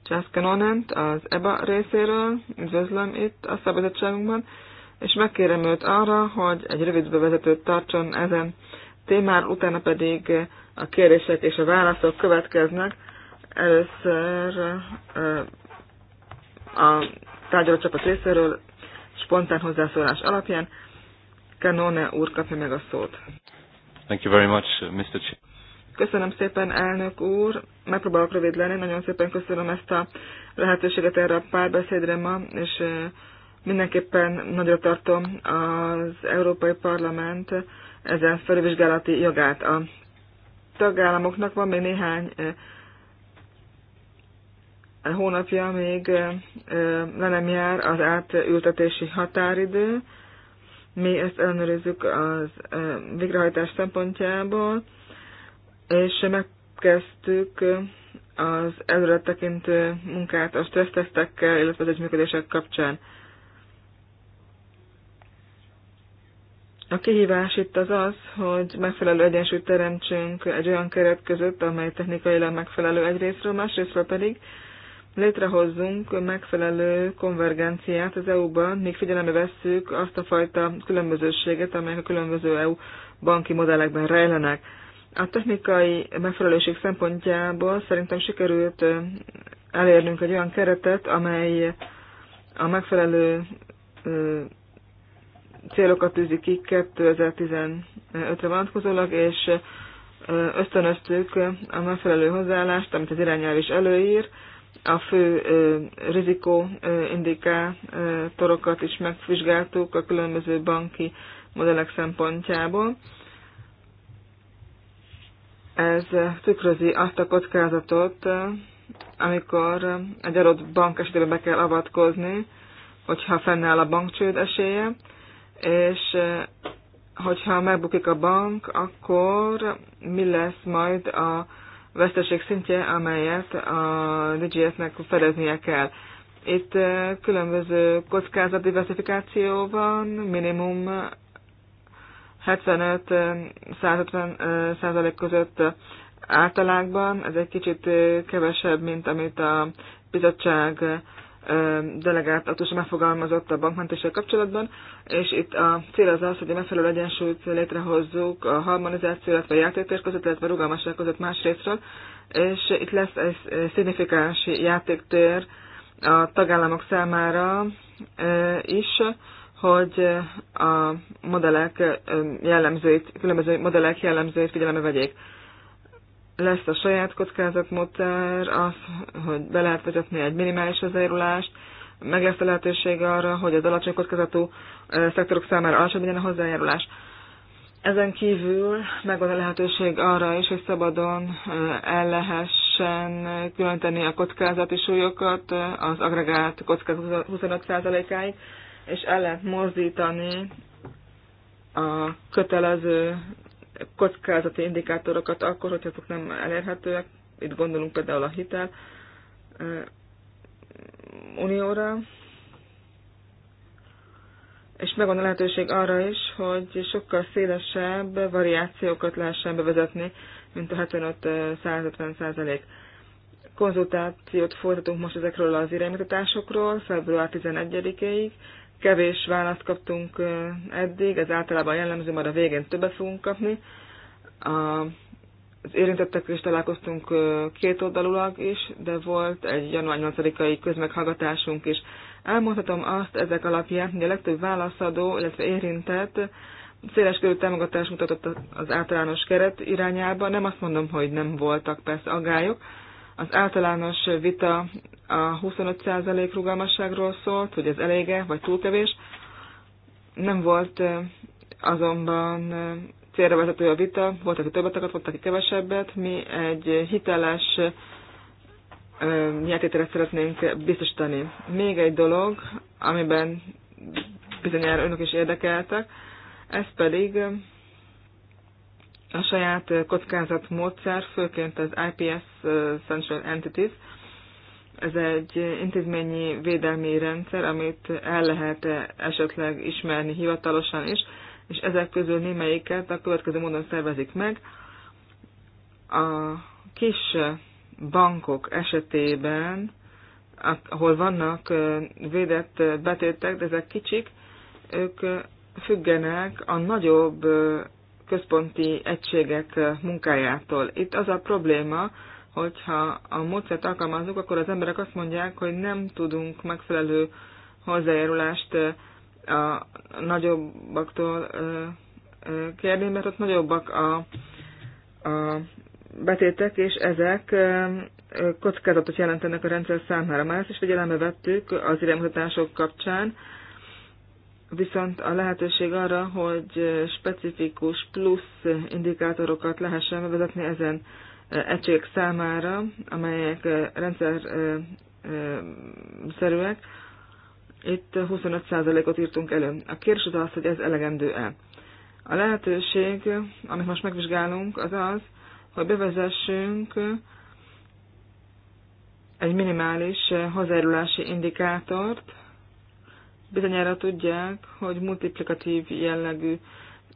Császke Nonent az EBA részéről, üdvözlöm itt a szabadságunkban, és megkérem őt arra, hogy egy rövid bevezetőt tartson ezen témár utána pedig a kérdések és a válaszok következnek. Először a tárgyalócsapat részéről spontán hozzászólás alapján kanone úr kapja meg a szót. Thank you very much, uh, Mr. Köszönöm szépen, elnök úr. Megpróbálok rövid lenni. Nagyon szépen köszönöm ezt a lehetőséget erre a párbeszédre ma, és mindenképpen nagyra tartom az Európai Parlament ezen felülvizsgálati jogát. A tagállamoknak van még néhány hónapja még le nem jár az átültetési határidő, mi ezt ellenőrizzük az végrehajtás szempontjából, és megkezdtük az előretekintő munkát a stressztesztekkel, illetve az egyműködések kapcsán. A kihívás itt az az, hogy megfelelő egyensúlyt teremtsünk egy olyan keret között, amely technikailag megfelelő egyrésztről, másrésztről pedig létrehozzunk megfelelő konvergenciát az EU-ban, még figyelembe vesszük azt a fajta különbözőséget, amelyek a különböző EU banki modellekben rejlenek. A technikai megfelelőség szempontjából szerintem sikerült elérnünk egy olyan keretet, amely a megfelelő célokat tűzi ki 2015-re vonatkozólag, és ösztönöztük a megfelelő hozzáállást, amit az irányelv is előír, a fő rizikó indikátorokat is megvizsgáltuk a különböző banki modellek szempontjából. Ez tükrözi azt a kockázatot, amikor egy adott bank esetében be kell avatkozni, hogyha fennáll a bankcsőd esélye, és hogyha megbukik a bank, akkor mi lesz majd a veszteség szintje, amelyet a DGS-nek fedeznie kell. Itt különböző kockázat diversifikáció van, minimum 75-150 százalék között általában, ez egy kicsit kevesebb, mint amit a bizottság delegált autósa megfogalmazott a bankmentéssel kapcsolatban, és itt a cél az az, hogy a megfelelő egyensúlyt létrehozzuk a harmonizáció, illetve a játéktér között, illetve a rugalmasság között másrésztről, és itt lesz egy szignifikáns játéktér a tagállamok számára is, hogy a modellek jellemzőit, különböző modellek jellemzőit figyelembe vegyék lesz a saját kockázatmódszer, az, hogy be lehet vezetni egy minimális hozzájárulást, meg lesz a lehetőség arra, hogy az alacsony kockázatú szektorok számára alacsony legyen a hozzájárulás. Ezen kívül megvan a lehetőség arra is, hogy szabadon el lehessen különteni a kockázati súlyokat az agregált kockázat 25%-áig, és el lehet mozdítani a kötelező kockázati indikátorokat akkor, hogyha azok nem elérhetőek. Itt gondolunk például a hitel unióra. És megvan a lehetőség arra is, hogy sokkal szélesebb variációkat lehessen bevezetni, mint a 75-150 Konzultációt folytatunk most ezekről az irányítatásokról, február 11-ig, kevés választ kaptunk eddig, ez általában jellemző, majd a végén többet fogunk kapni. Az érintettekkel is találkoztunk két oldalulag is, de volt egy január 8-ai közmeghallgatásunk is. Elmondhatom azt ezek alapján, hogy a legtöbb válaszadó, illetve érintett széles körű támogatást mutatott az általános keret irányába. Nem azt mondom, hogy nem voltak persze agályok, az általános vita a 25% rugalmasságról szólt, hogy ez elége, vagy túl kevés. Nem volt azonban célra vezető a vita, volt, aki többet akart, volt, aki kevesebbet. Mi egy hiteles nyertételre szeretnénk biztosítani. Még egy dolog, amiben bizonyára önök is érdekeltek, ez pedig a saját kockázat módszer, főként az IPS Central Entities. Ez egy intézményi védelmi rendszer, amit el lehet esetleg ismerni hivatalosan is, és ezek közül némelyiket a következő módon szervezik meg. A kis bankok esetében, hát, ahol vannak védett betétek, de ezek kicsik, ők függenek a nagyobb központi egységek munkájától. Itt az a probléma, hogyha a módszert alkalmazunk, akkor az emberek azt mondják, hogy nem tudunk megfelelő hozzájárulást a nagyobbaktól kérni, mert ott nagyobbak a, a betétek, és ezek kockázatot jelentenek a rendszer számára. Már ezt is figyelembe vettük az iránymutatások kapcsán, viszont a lehetőség arra, hogy specifikus plusz indikátorokat lehessen bevezetni ezen egységek számára, amelyek rendszer szerűek. Itt 25%-ot írtunk elő. A kérdés az az, hogy ez elegendő-e. A lehetőség, amit most megvizsgálunk, az az, hogy bevezessünk egy minimális hozzájárulási indikátort, Bizonyára tudják, hogy multiplikatív jellegű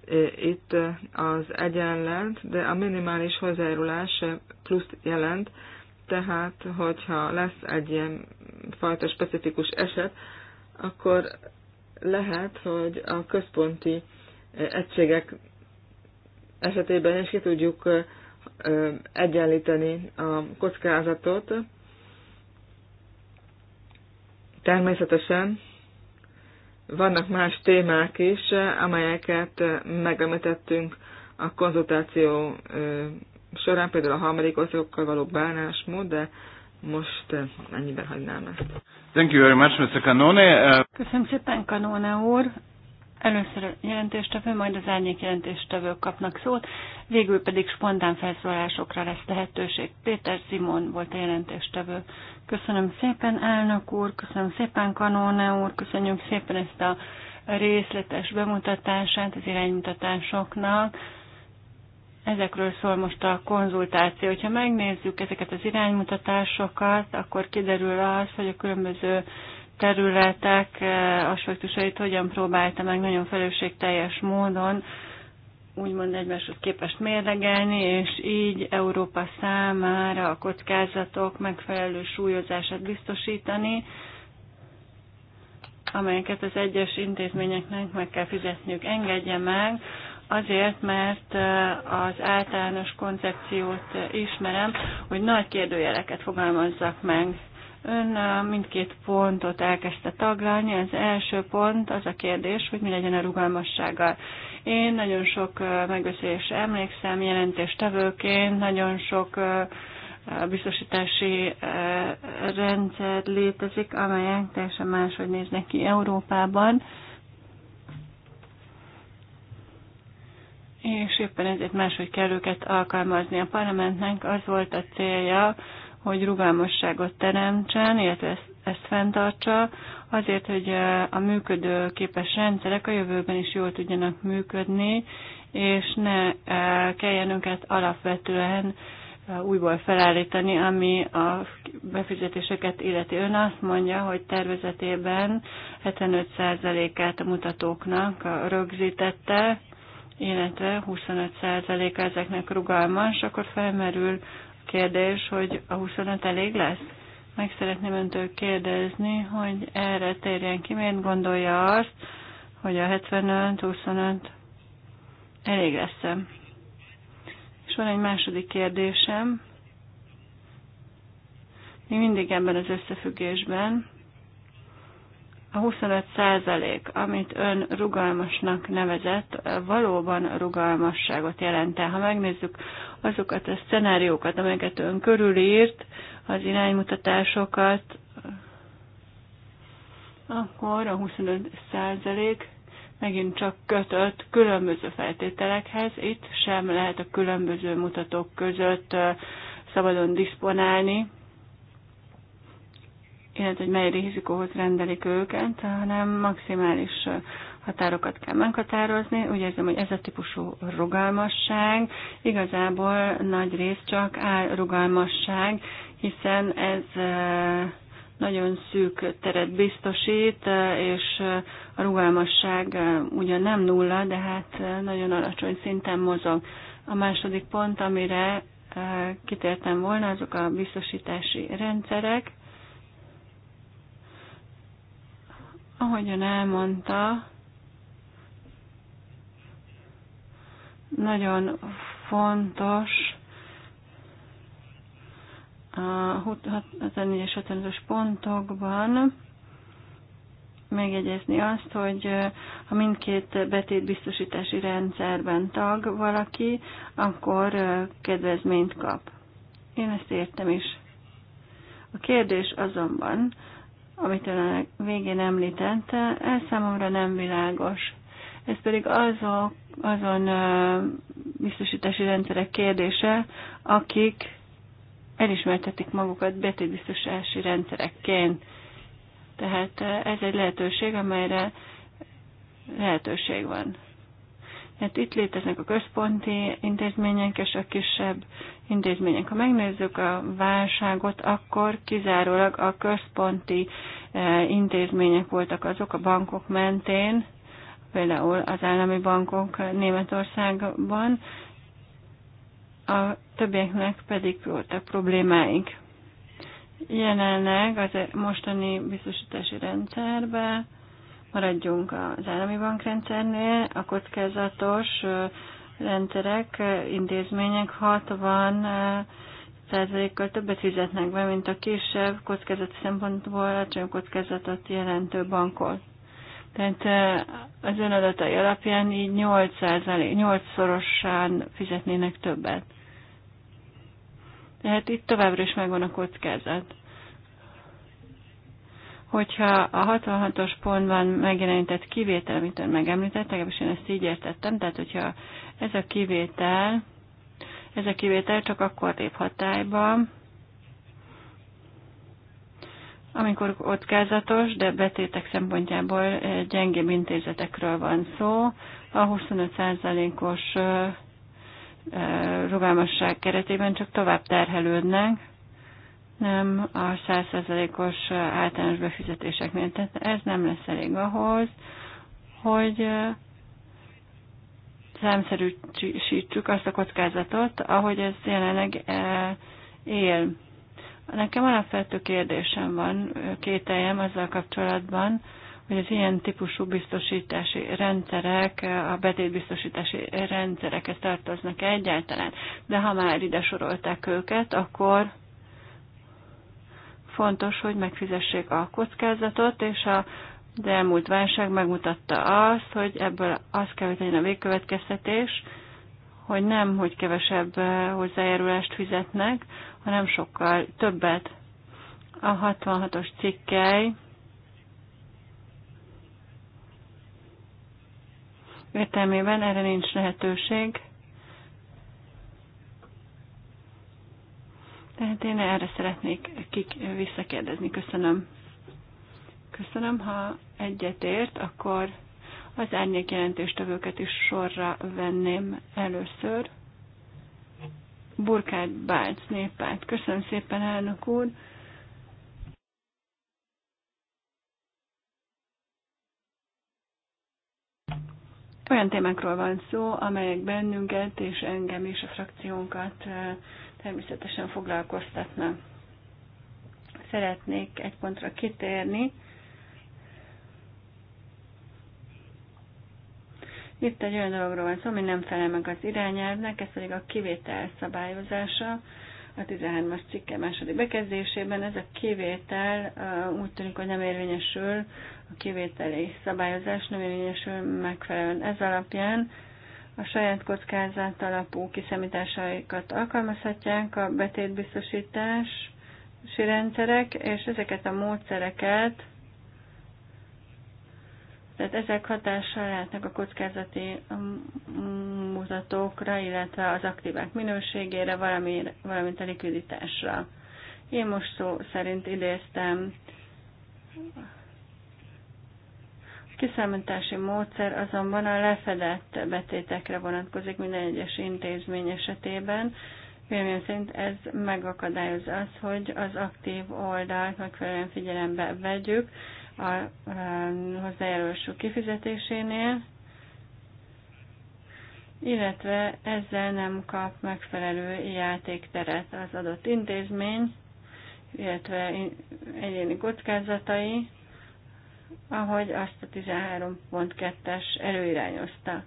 eh, itt eh, az egyenlet, de a minimális hozzájárulás eh, plusz jelent, tehát hogyha lesz egy ilyen fajta specifikus eset, akkor lehet, hogy a központi egységek esetében is ki tudjuk egyenlíteni a kockázatot. Természetesen vannak más témák is, amelyeket megemlítettünk a konzultáció során, például a harmadik országokkal való bánásmód, de most ennyiben hagynám ezt. Thank you very much, Mr. Canone. Uh, Köszönöm szépen, Canone úr. Először a jelentéstevő, majd az árnyék jelentéstevők kapnak szót, végül pedig spontán felszólásokra lesz lehetőség. Péter Simon volt a jelentéstevő. Köszönöm szépen, elnök úr, köszönöm szépen, Kanóna úr, köszönjük szépen ezt a részletes bemutatását az iránymutatásoknak. Ezekről szól most a konzultáció. hogyha megnézzük ezeket az iránymutatásokat, akkor kiderül az, hogy a különböző területek eh, aspektusait hogyan próbálta meg nagyon felelősségteljes módon úgymond egymáshoz képest mérlegelni, és így Európa számára a kockázatok megfelelő súlyozását biztosítani, amelyeket az egyes intézményeknek meg kell fizetniük. Engedje meg, azért, mert eh, az általános koncepciót eh, ismerem, hogy nagy kérdőjeleket fogalmazzak meg Ön mindkét pontot elkezdte taglalni. Az első pont az a kérdés, hogy mi legyen a rugalmassággal. Én nagyon sok megbeszélésre emlékszem, jelentéstevőként nagyon sok biztosítási rendszer létezik, amelyek teljesen máshogy néznek ki Európában. És éppen ezért máshogy kell őket alkalmazni. A parlamentnek az volt a célja, hogy rugalmasságot teremtsen, illetve ezt, ezt fenntartsa, azért, hogy a működő képes rendszerek a jövőben is jól tudjanak működni, és ne kelljen őket alapvetően újból felállítani, ami a befizetéseket illeti. Ön azt mondja, hogy tervezetében 75%-át a mutatóknak rögzítette, illetve 25%-a ezeknek rugalmas, akkor felmerül kérdés, hogy a 25 elég lesz? Meg szeretném öntől kérdezni, hogy erre térjen ki, miért gondolja azt, hogy a 75-25 elég lesz -e? És van egy második kérdésem, mi mindig ebben az összefüggésben, a 25 százalék, amit ön rugalmasnak nevezett, valóban rugalmasságot jelent. Ha megnézzük azokat a szenáriókat, amelyeket ön körülírt, az iránymutatásokat, akkor a 25 százalék megint csak kötött különböző feltételekhez. Itt sem lehet a különböző mutatók között szabadon diszponálni, illetve hogy mely rizikóhoz rendelik őket, hanem maximális határokat kell meghatározni. Úgy érzem, hogy ez a típusú rugalmasság igazából nagy rész csak áll rugalmasság, hiszen ez nagyon szűk teret biztosít, és a rugalmasság ugyan nem nulla, de hát nagyon alacsony szinten mozog. A második pont, amire kitértem volna, azok a biztosítási rendszerek. Ahogyan elmondta, Nagyon fontos a 74 és 75-ös pontokban megjegyezni azt, hogy ha mindkét betét rendszerben tag valaki, akkor kedvezményt kap. Én ezt értem is. A kérdés azonban, amit ön a végén említette, ez számomra nem világos ez pedig azok, azon biztosítási rendszerek kérdése, akik elismertetik magukat betétbiztosítási rendszerekként. Tehát ez egy lehetőség, amelyre lehetőség van. Hát itt léteznek a központi intézmények és a kisebb intézmények. Ha megnézzük a válságot, akkor kizárólag a központi intézmények voltak azok a bankok mentén, például az állami bankok Németországban, a többieknek pedig voltak problémáik. Jelenleg az mostani biztosítási rendszerben maradjunk az állami bankrendszernél, a kockázatos rendszerek, intézmények 60 százalékkal többet fizetnek be, mint a kisebb kockázati szempontból a kockázatot jelentő bankot. Tehát az ön adatai alapján így 8%-szorosan fizetnének többet. Tehát itt továbbra is megvan a kockázat. Hogyha a 66-os pontban megjelenített kivétel, amit ön megemlített, legalábbis én ezt így értettem, tehát hogyha ez a kivétel, ez a kivétel csak akkor lép hatályba, amikor kockázatos, de betétek szempontjából eh, gyengébb intézetekről van szó. A 25%-os eh, eh, rugalmasság keretében csak tovább terhelődnek, nem a 100%-os általános befizetéseknél. Tehát ez nem lesz elég ahhoz, hogy számszerűsítsük azt a kockázatot, ahogy ez jelenleg él. Nekem alapvető kérdésem van, kételjem azzal kapcsolatban, hogy az ilyen típusú biztosítási rendszerek a betétbiztosítási rendszerekhez tartoznak -e egyáltalán. De ha már ide sorolták őket, akkor fontos, hogy megfizessék a kockázatot, és a de elmúlt válság megmutatta azt, hogy ebből az kell, hogy legyen a végkövetkeztetés, hogy nem, hogy kevesebb eh, hozzájárulást fizetnek, hanem sokkal többet. A 66-os cikkely értelmében erre nincs lehetőség. Tehát én erre szeretnék kik visszakérdezni. Köszönöm. Köszönöm, ha egyetért, akkor az árnyék jelentéstevőket is sorra venném először. Burkát Bálc néppárt. Köszönöm szépen, elnök úr! Olyan témákról van szó, amelyek bennünket és engem és a frakciónkat természetesen foglalkoztatnak. Szeretnék egy pontra kitérni, Itt egy olyan dologról van szó, ami nem felel meg az irányelvnek, ez pedig a kivétel szabályozása a 13-as cikke második bekezdésében. Ez a kivétel úgy tűnik, hogy nem érvényesül, a kivételi szabályozás nem érvényesül megfelelően. Ez alapján a saját kockázat alapú kiszámításaikat alkalmazhatják a betétbiztosítási rendszerek, és ezeket a módszereket tehát ezek hatással lehetnek a kockázati mutatókra, illetve az aktívák minőségére, valamint a likviditásra. Én most szó szerint idéztem. A kiszámítási módszer azonban a lefedett betétekre vonatkozik minden egyes intézmény esetében. Vélemény szerint ez megakadályozza az, hogy az aktív oldalt megfelelően figyelembe vegyük, a hozzájárulások kifizetésénél, illetve ezzel nem kap megfelelő játékteret az adott intézmény, illetve egyéni kockázatai, ahogy azt a 13.2-es előirányozta.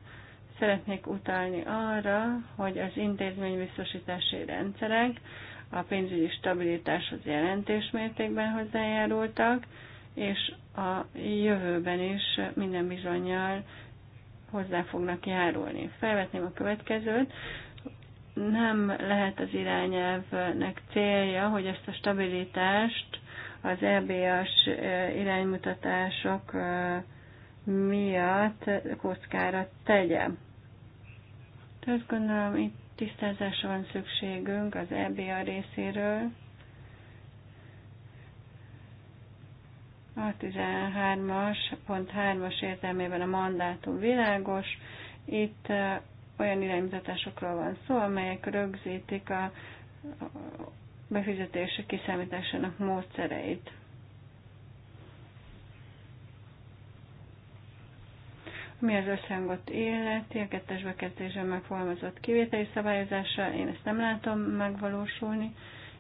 Szeretnék utalni arra, hogy az intézmény biztosítási rendszerek a pénzügyi stabilitáshoz jelentős mértékben hozzájárultak, és a jövőben is minden bizonyal hozzá fognak járulni. Felvetném a következőt. Nem lehet az irányelvnek célja, hogy ezt a stabilitást az EBS iránymutatások miatt kockára tegye. Tehát gondolom itt tisztázásra van szükségünk az EBA részéről, A 13-as, pont 3-as értelmében a mandátum világos. Itt olyan irányzatásokról van szó, amelyek rögzítik a befizetések kiszámításának módszereit. Mi az összhangot illeti, a kettes bekezdésben megfogalmazott kivételi szabályozása, én ezt nem látom megvalósulni.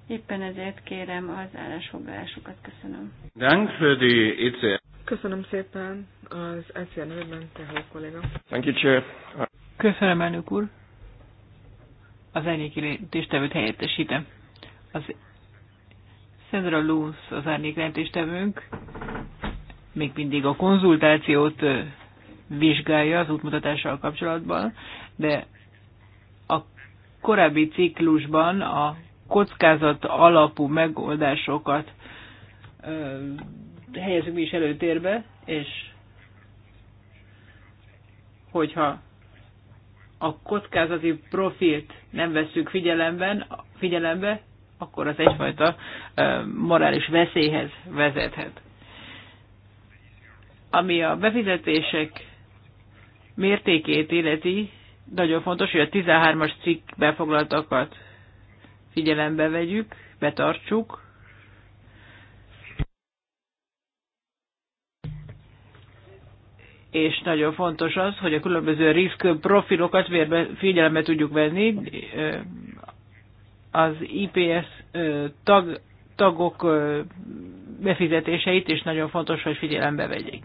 Éppen ezért kérem az állásfoglalásukat. Köszönöm. Dank für e Köszönöm szépen az ECN nevében, Tehó kolléga. Thank you, Chair. Köszönöm, elnök úr. Az árnyékjelentéstevőt helyettesítem. Az Sandra Luz az árnyékjelentéstevőnk még mindig a konzultációt vizsgálja az útmutatással kapcsolatban, de a korábbi ciklusban a kockázat alapú megoldásokat helyezünk mi is előtérbe, és hogyha a kockázati profilt nem veszük figyelemben, figyelembe, akkor az egyfajta morális veszélyhez vezethet. Ami a befizetések mértékét illeti, nagyon fontos, hogy a 13-as cikk foglaltakat figyelembe vegyük, betartsuk. És nagyon fontos az, hogy a különböző risk profilokat figyelembe tudjuk venni. Az IPS tag, tagok befizetéseit is nagyon fontos, hogy figyelembe vegyék.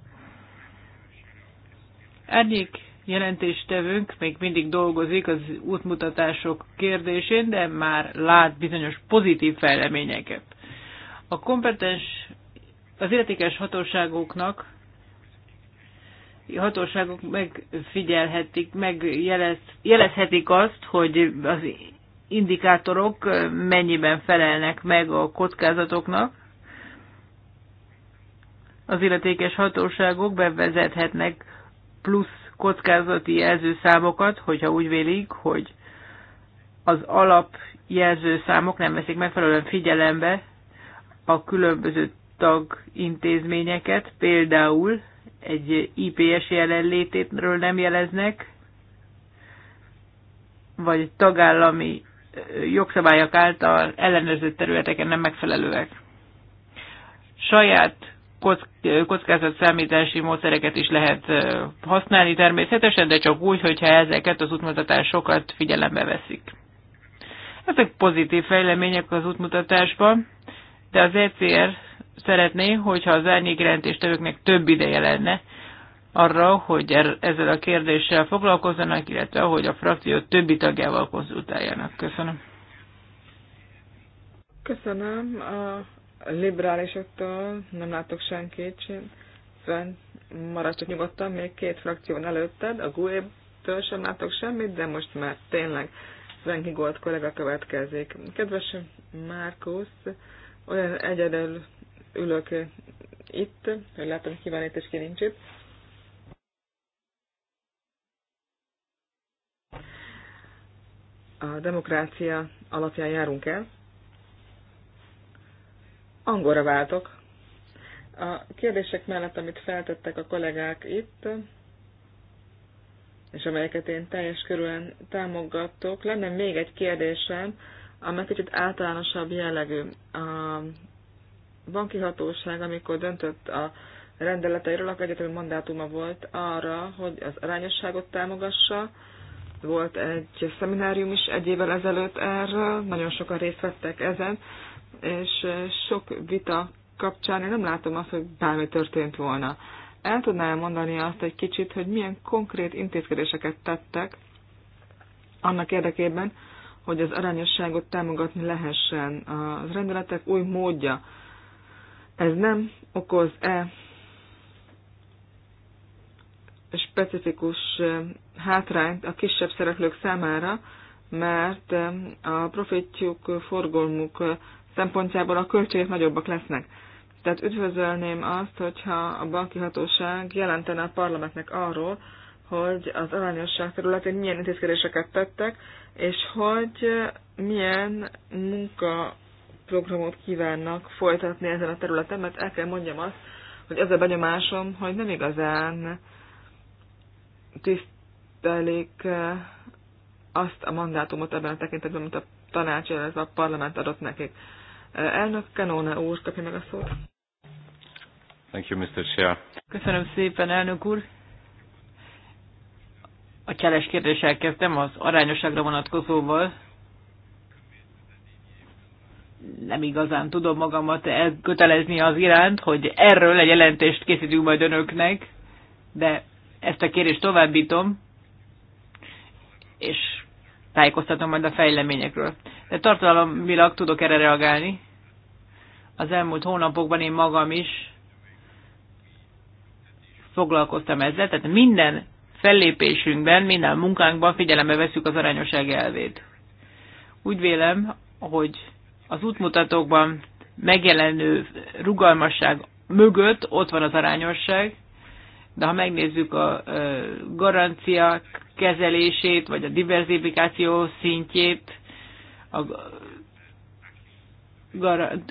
Ennyi jelentéstevőnk még mindig dolgozik az útmutatások kérdésén, de már lát bizonyos pozitív fejleményeket. A kompetens, az értékes hatóságoknak hatóságok megfigyelhetik, megjelezhetik azt, hogy az indikátorok mennyiben felelnek meg a kockázatoknak. Az illetékes hatóságok bevezethetnek plusz kockázati jelzőszámokat, hogyha úgy vélik, hogy az alap jelzőszámok nem veszik megfelelően figyelembe a különböző tagintézményeket, például egy IPS jelenlététről nem jeleznek, vagy tagállami jogszabályok által ellenőrzött területeken nem megfelelőek. Saját számítási módszereket is lehet használni természetesen, de csak úgy, hogyha ezeket az útmutatásokat figyelembe veszik. Ezek pozitív fejlemények az útmutatásban, de az ECR szeretné, hogyha az árnyékjelentéstevőknek több ideje lenne arra, hogy er-, ezzel a kérdéssel foglalkozzanak, illetve hogy a frakció többi tagjával konzultáljanak. Köszönöm. Köszönöm. A liberálisoktól nem látok senkit sem. Szóval maradj csak nyugodtan, még két frakción előtted, a GUE-től sem látok semmit, de most már tényleg Svenki Gold kollega következik. Kedves Márkusz, olyan egyedül ülök itt, hogy látom ki van itt és ki nincs itt. A demokrácia alapján járunk el angolra váltok. A kérdések mellett, amit feltettek a kollégák itt, és amelyeket én teljes körülön támogattok, lenne még egy kérdésem, amely kicsit általánosabb jellegű. A banki hatóság, amikor döntött a rendeleteiről, akkor egyetemi mandátuma volt arra, hogy az arányosságot támogassa. Volt egy szeminárium is egy évvel ezelőtt erről, nagyon sokan részt vettek ezen, és sok vita kapcsán én nem látom azt, hogy bármi történt volna. El tudnál mondani azt egy kicsit, hogy milyen konkrét intézkedéseket tettek annak érdekében, hogy az arányosságot támogatni lehessen. az rendeletek új módja. Ez nem okoz-e specifikus hátrányt a kisebb szereplők számára, mert eh, a profitjuk, forgalmuk szempontjából a költségek nagyobbak lesznek. Tehát üdvözölném azt, hogyha a banki hatóság jelentene a parlamentnek arról, hogy az arányosság területén milyen intézkedéseket tettek, és hogy milyen munkaprogramot kívánnak folytatni ezen a területen, mert el kell mondjam azt, hogy az a benyomásom, hogy nem igazán tisztelik eh, azt a mandátumot ebben a tekintetben, amit a tanács, illetve a parlament adott nekik. Elnök Kenóne úr, kapja meg a szót. Thank you, Mr. Chair. Köszönöm szépen, elnök úr. A cseles kérdéssel kezdtem, az arányosságra vonatkozóval. Nem igazán tudom magamat kötelezni az iránt, hogy erről egy jelentést készítünk majd önöknek, de ezt a kérést továbbítom, és tájékoztatom majd a fejleményekről. De tartalomilag tudok erre reagálni. Az elmúlt hónapokban én magam is foglalkoztam ezzel, tehát minden fellépésünkben, minden munkánkban figyelembe veszük az arányosság elvét. Úgy vélem, hogy az útmutatókban megjelenő rugalmasság mögött ott van az arányosság, de ha megnézzük a garancia kezelését, vagy a diversifikáció szintjét a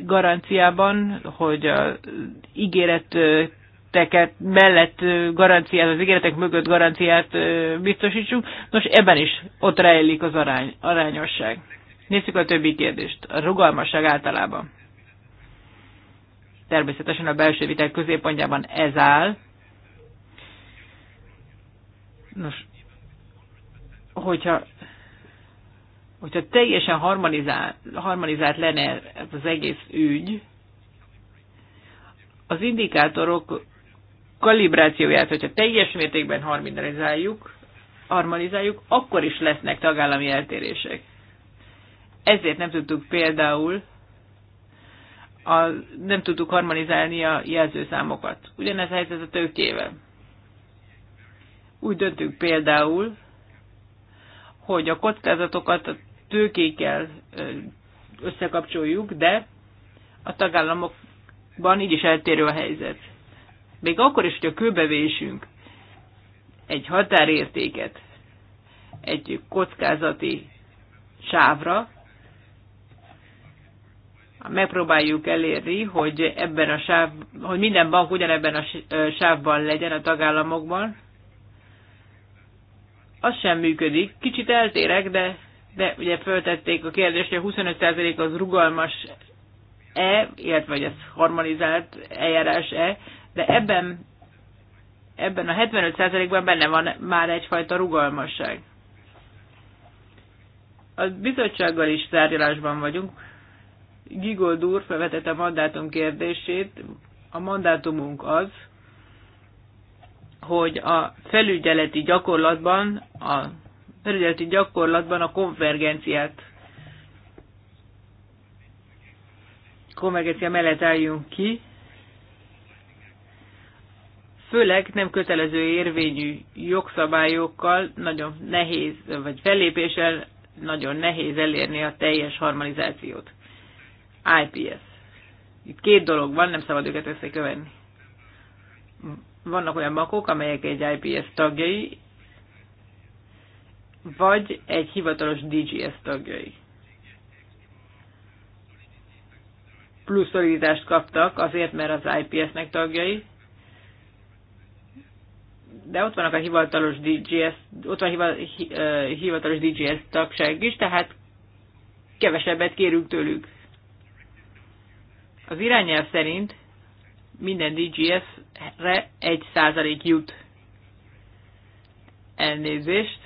garanciában, hogy az ígéreteket mellett garanciát, az ígéretek mögött garanciát biztosítsunk, nos ebben is ott rejlik az arány, arányosság. Nézzük a többi kérdést. A rugalmasság általában. Természetesen a belső vitel középpontjában ez áll, Nos, hogyha, hogyha teljesen harmonizált, harmonizált lenne ez az egész ügy, az indikátorok kalibrációját, hogyha teljes mértékben harmonizáljuk, harmonizáljuk, akkor is lesznek tagállami eltérések. Ezért nem tudtuk például a, nem tudtuk harmonizálni a jelzőszámokat. Ugyanez a helyzet a tőkével. Úgy döntünk például, hogy a kockázatokat a tőkékkel összekapcsoljuk, de a tagállamokban így is eltérő a helyzet. Még akkor is, hogy a kőbevésünk egy határértéket egy kockázati sávra, megpróbáljuk elérni, hogy ebben a sáv, hogy minden bank ugyanebben a sávban legyen a tagállamokban, az sem működik. Kicsit eltérek, de, de ugye föltették a kérdést, hogy a 25% az rugalmas-e, illetve hogy ez harmonizált eljárás-e, de ebben, ebben a 75%-ban benne van már egyfajta rugalmasság. A bizottsággal is tárgyalásban vagyunk. Gigold úr felvetette a mandátum kérdését. A mandátumunk az, hogy a felügyeleti gyakorlatban a területi gyakorlatban a konvergenciát konvergencia mellett álljunk ki, főleg nem kötelező érvényű jogszabályokkal nagyon nehéz, vagy fellépéssel nagyon nehéz elérni a teljes harmonizációt. IPS. Itt két dolog van, nem szabad őket összekövenni. Vannak olyan bankok, amelyek egy IPS tagjai, vagy egy hivatalos DGS tagjai. Plusz szolidítást kaptak azért, mert az IPS-nek tagjai, de ott vannak a hivatalos DGS, ott van a hivatalos DGS tagság is, tehát kevesebbet kérünk tőlük. Az irányelv szerint minden DGS-re egy százalék jut elnézést,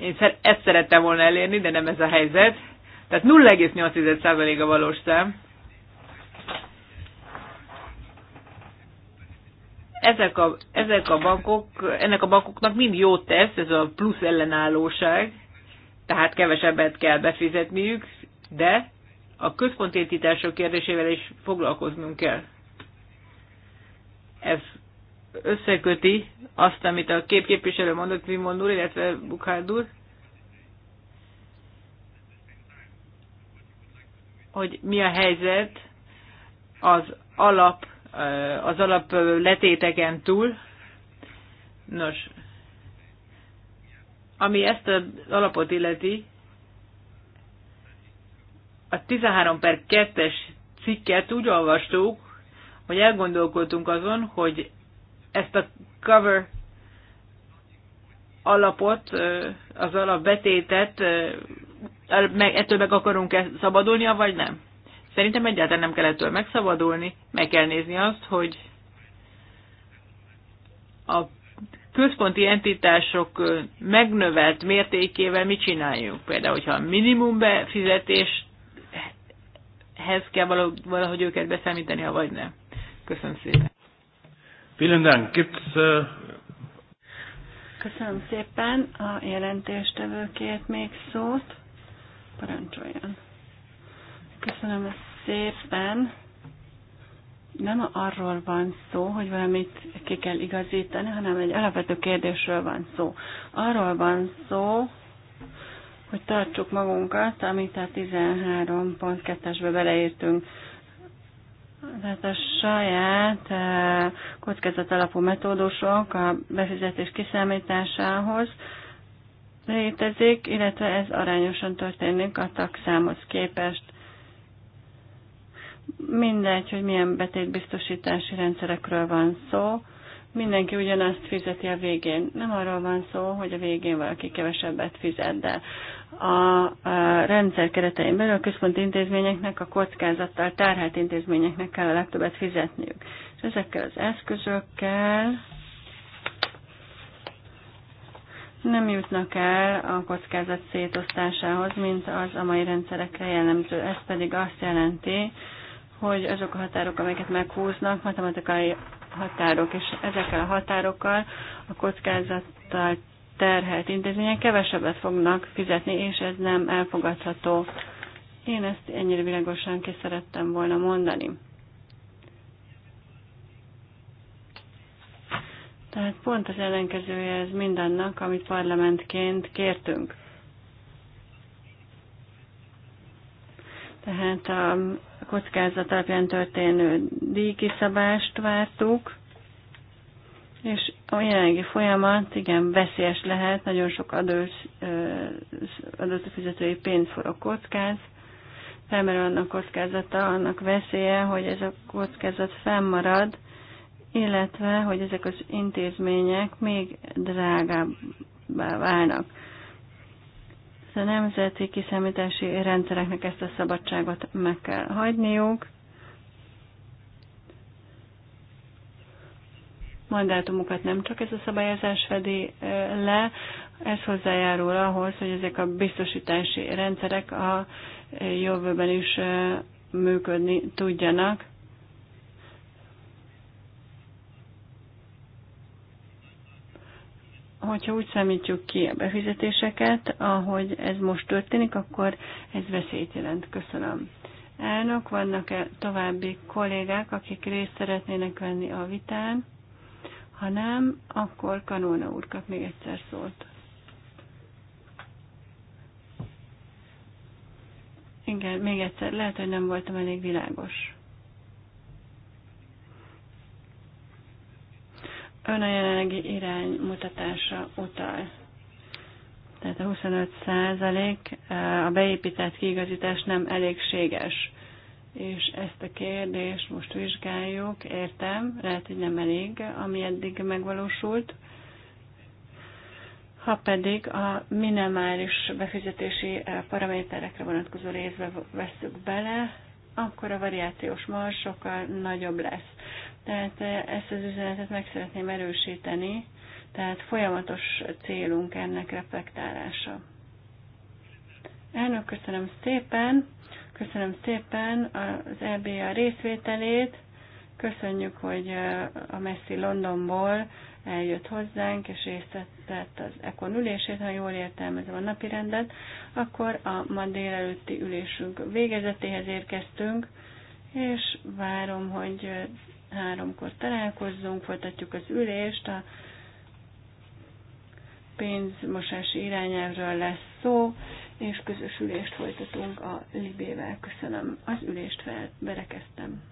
én ezt szerettem volna elérni, de nem ez a helyzet. Tehát 0,8% a valós szám. Ezek a, ezek a bankok, ennek a bankoknak mind jót tesz ez a plusz ellenállóság, tehát kevesebbet kell befizetniük, de a központi kérdésével is foglalkoznunk kell. Ez összeköti azt, amit a képképviselő mondott, Vimond úr, illetve Bukhárd úr, hogy mi a helyzet az alap, eh, az alap eh, letéteken túl. Nos, ami ezt az alapot illeti, a 13 per 2-es cikket úgy olvastuk, hogy elgondolkodtunk azon, hogy ezt a cover alapot, az alapbetétet, ettől meg akarunk-e szabadulnia, vagy nem? Szerintem egyáltalán nem kell ettől megszabadulni, meg kell nézni azt, hogy a központi entitások megnövelt mértékével mit csináljunk. Például, hogyha a minimum befizetéshez kell valahogy őket beszámítani, ha vagy nem. Köszönöm szépen. Vielen Dank. Gibt's, äh, Köszönöm szépen a jelentéstevőkért még szót. Parancsoljon. Köszönöm szépen. Nem arról van szó, hogy valamit ki kell igazítani, hanem egy alapvető kérdésről van szó. Arról van szó, hogy tartsuk magunkat, amit a 13.2-esbe beleértünk. Tehát a saját eh, kockázat alapú metódusok a befizetés kiszámításához létezik, illetve ez arányosan történik a tagszámhoz képest. Mindegy, hogy milyen betétbiztosítási rendszerekről van szó, mindenki ugyanazt fizeti a végén. Nem arról van szó, hogy a végén valaki kevesebbet fizet, de a, rendszer keretein belül a központi intézményeknek, a kockázattal tárhát intézményeknek kell a legtöbbet fizetniük. És ezekkel az eszközökkel nem jutnak el a kockázat szétosztásához, mint az a mai rendszerekre jellemző. Ez pedig azt jelenti, hogy azok a határok, amelyeket meghúznak, matematikai határok, és ezekkel a határokkal a kockázattal terhelt intézmények kevesebbet fognak fizetni, és ez nem elfogadható. Én ezt ennyire világosan ki szerettem volna mondani. Tehát pont az ellenkezője ez mindannak, amit parlamentként kértünk. Tehát a kockázat alapján történő díjkiszabást vártuk, és a jelenlegi folyamat igen veszélyes lehet, nagyon sok adós, fizetői pénz forog kockáz, felmerül annak kockázata, annak veszélye, hogy ez a kockázat fennmarad, illetve, hogy ezek az intézmények még drágábbá válnak. A nemzeti kiszámítási rendszereknek ezt a szabadságot meg kell hagyniuk, mandátumokat nem csak ez a szabályozás fedi le, ez hozzájárul ahhoz, hogy ezek a biztosítási rendszerek a jövőben is működni tudjanak. Hogyha úgy számítjuk ki a befizetéseket, ahogy ez most történik, akkor ez veszélyt jelent. Köszönöm. Elnök, vannak-e további kollégák, akik részt szeretnének venni a vitán? Ha nem, akkor Kanóna úr kap még egyszer szólt. Igen, még egyszer, lehet, hogy nem voltam elég világos. Ön a jelenlegi iránymutatása utal. Tehát a 25 százalék, eh, a beépített kiigazítás nem elégséges és ezt a kérdést most vizsgáljuk, értem, lehet, hogy nem elég, ami eddig megvalósult, ha pedig a minimális befizetési eh, paraméterekre vonatkozó részbe veszük bele, akkor a variációs mar sokkal nagyobb lesz. Tehát eh, ezt az üzenetet meg szeretném erősíteni, tehát folyamatos célunk ennek reflektálása. Elnök, köszönöm szépen! Köszönöm szépen az EBA részvételét. Köszönjük, hogy a messzi Londonból eljött hozzánk, és részt vett az ECON ülését, ha jól értelmezem a napi rendet, akkor a ma délelőtti ülésünk végezetéhez érkeztünk, és várom, hogy háromkor találkozzunk, folytatjuk az ülést, a pénzmosási irányelvről lesz szó, és közös ülést folytatunk a Libével. Köszönöm, az ülést fel berekeztem.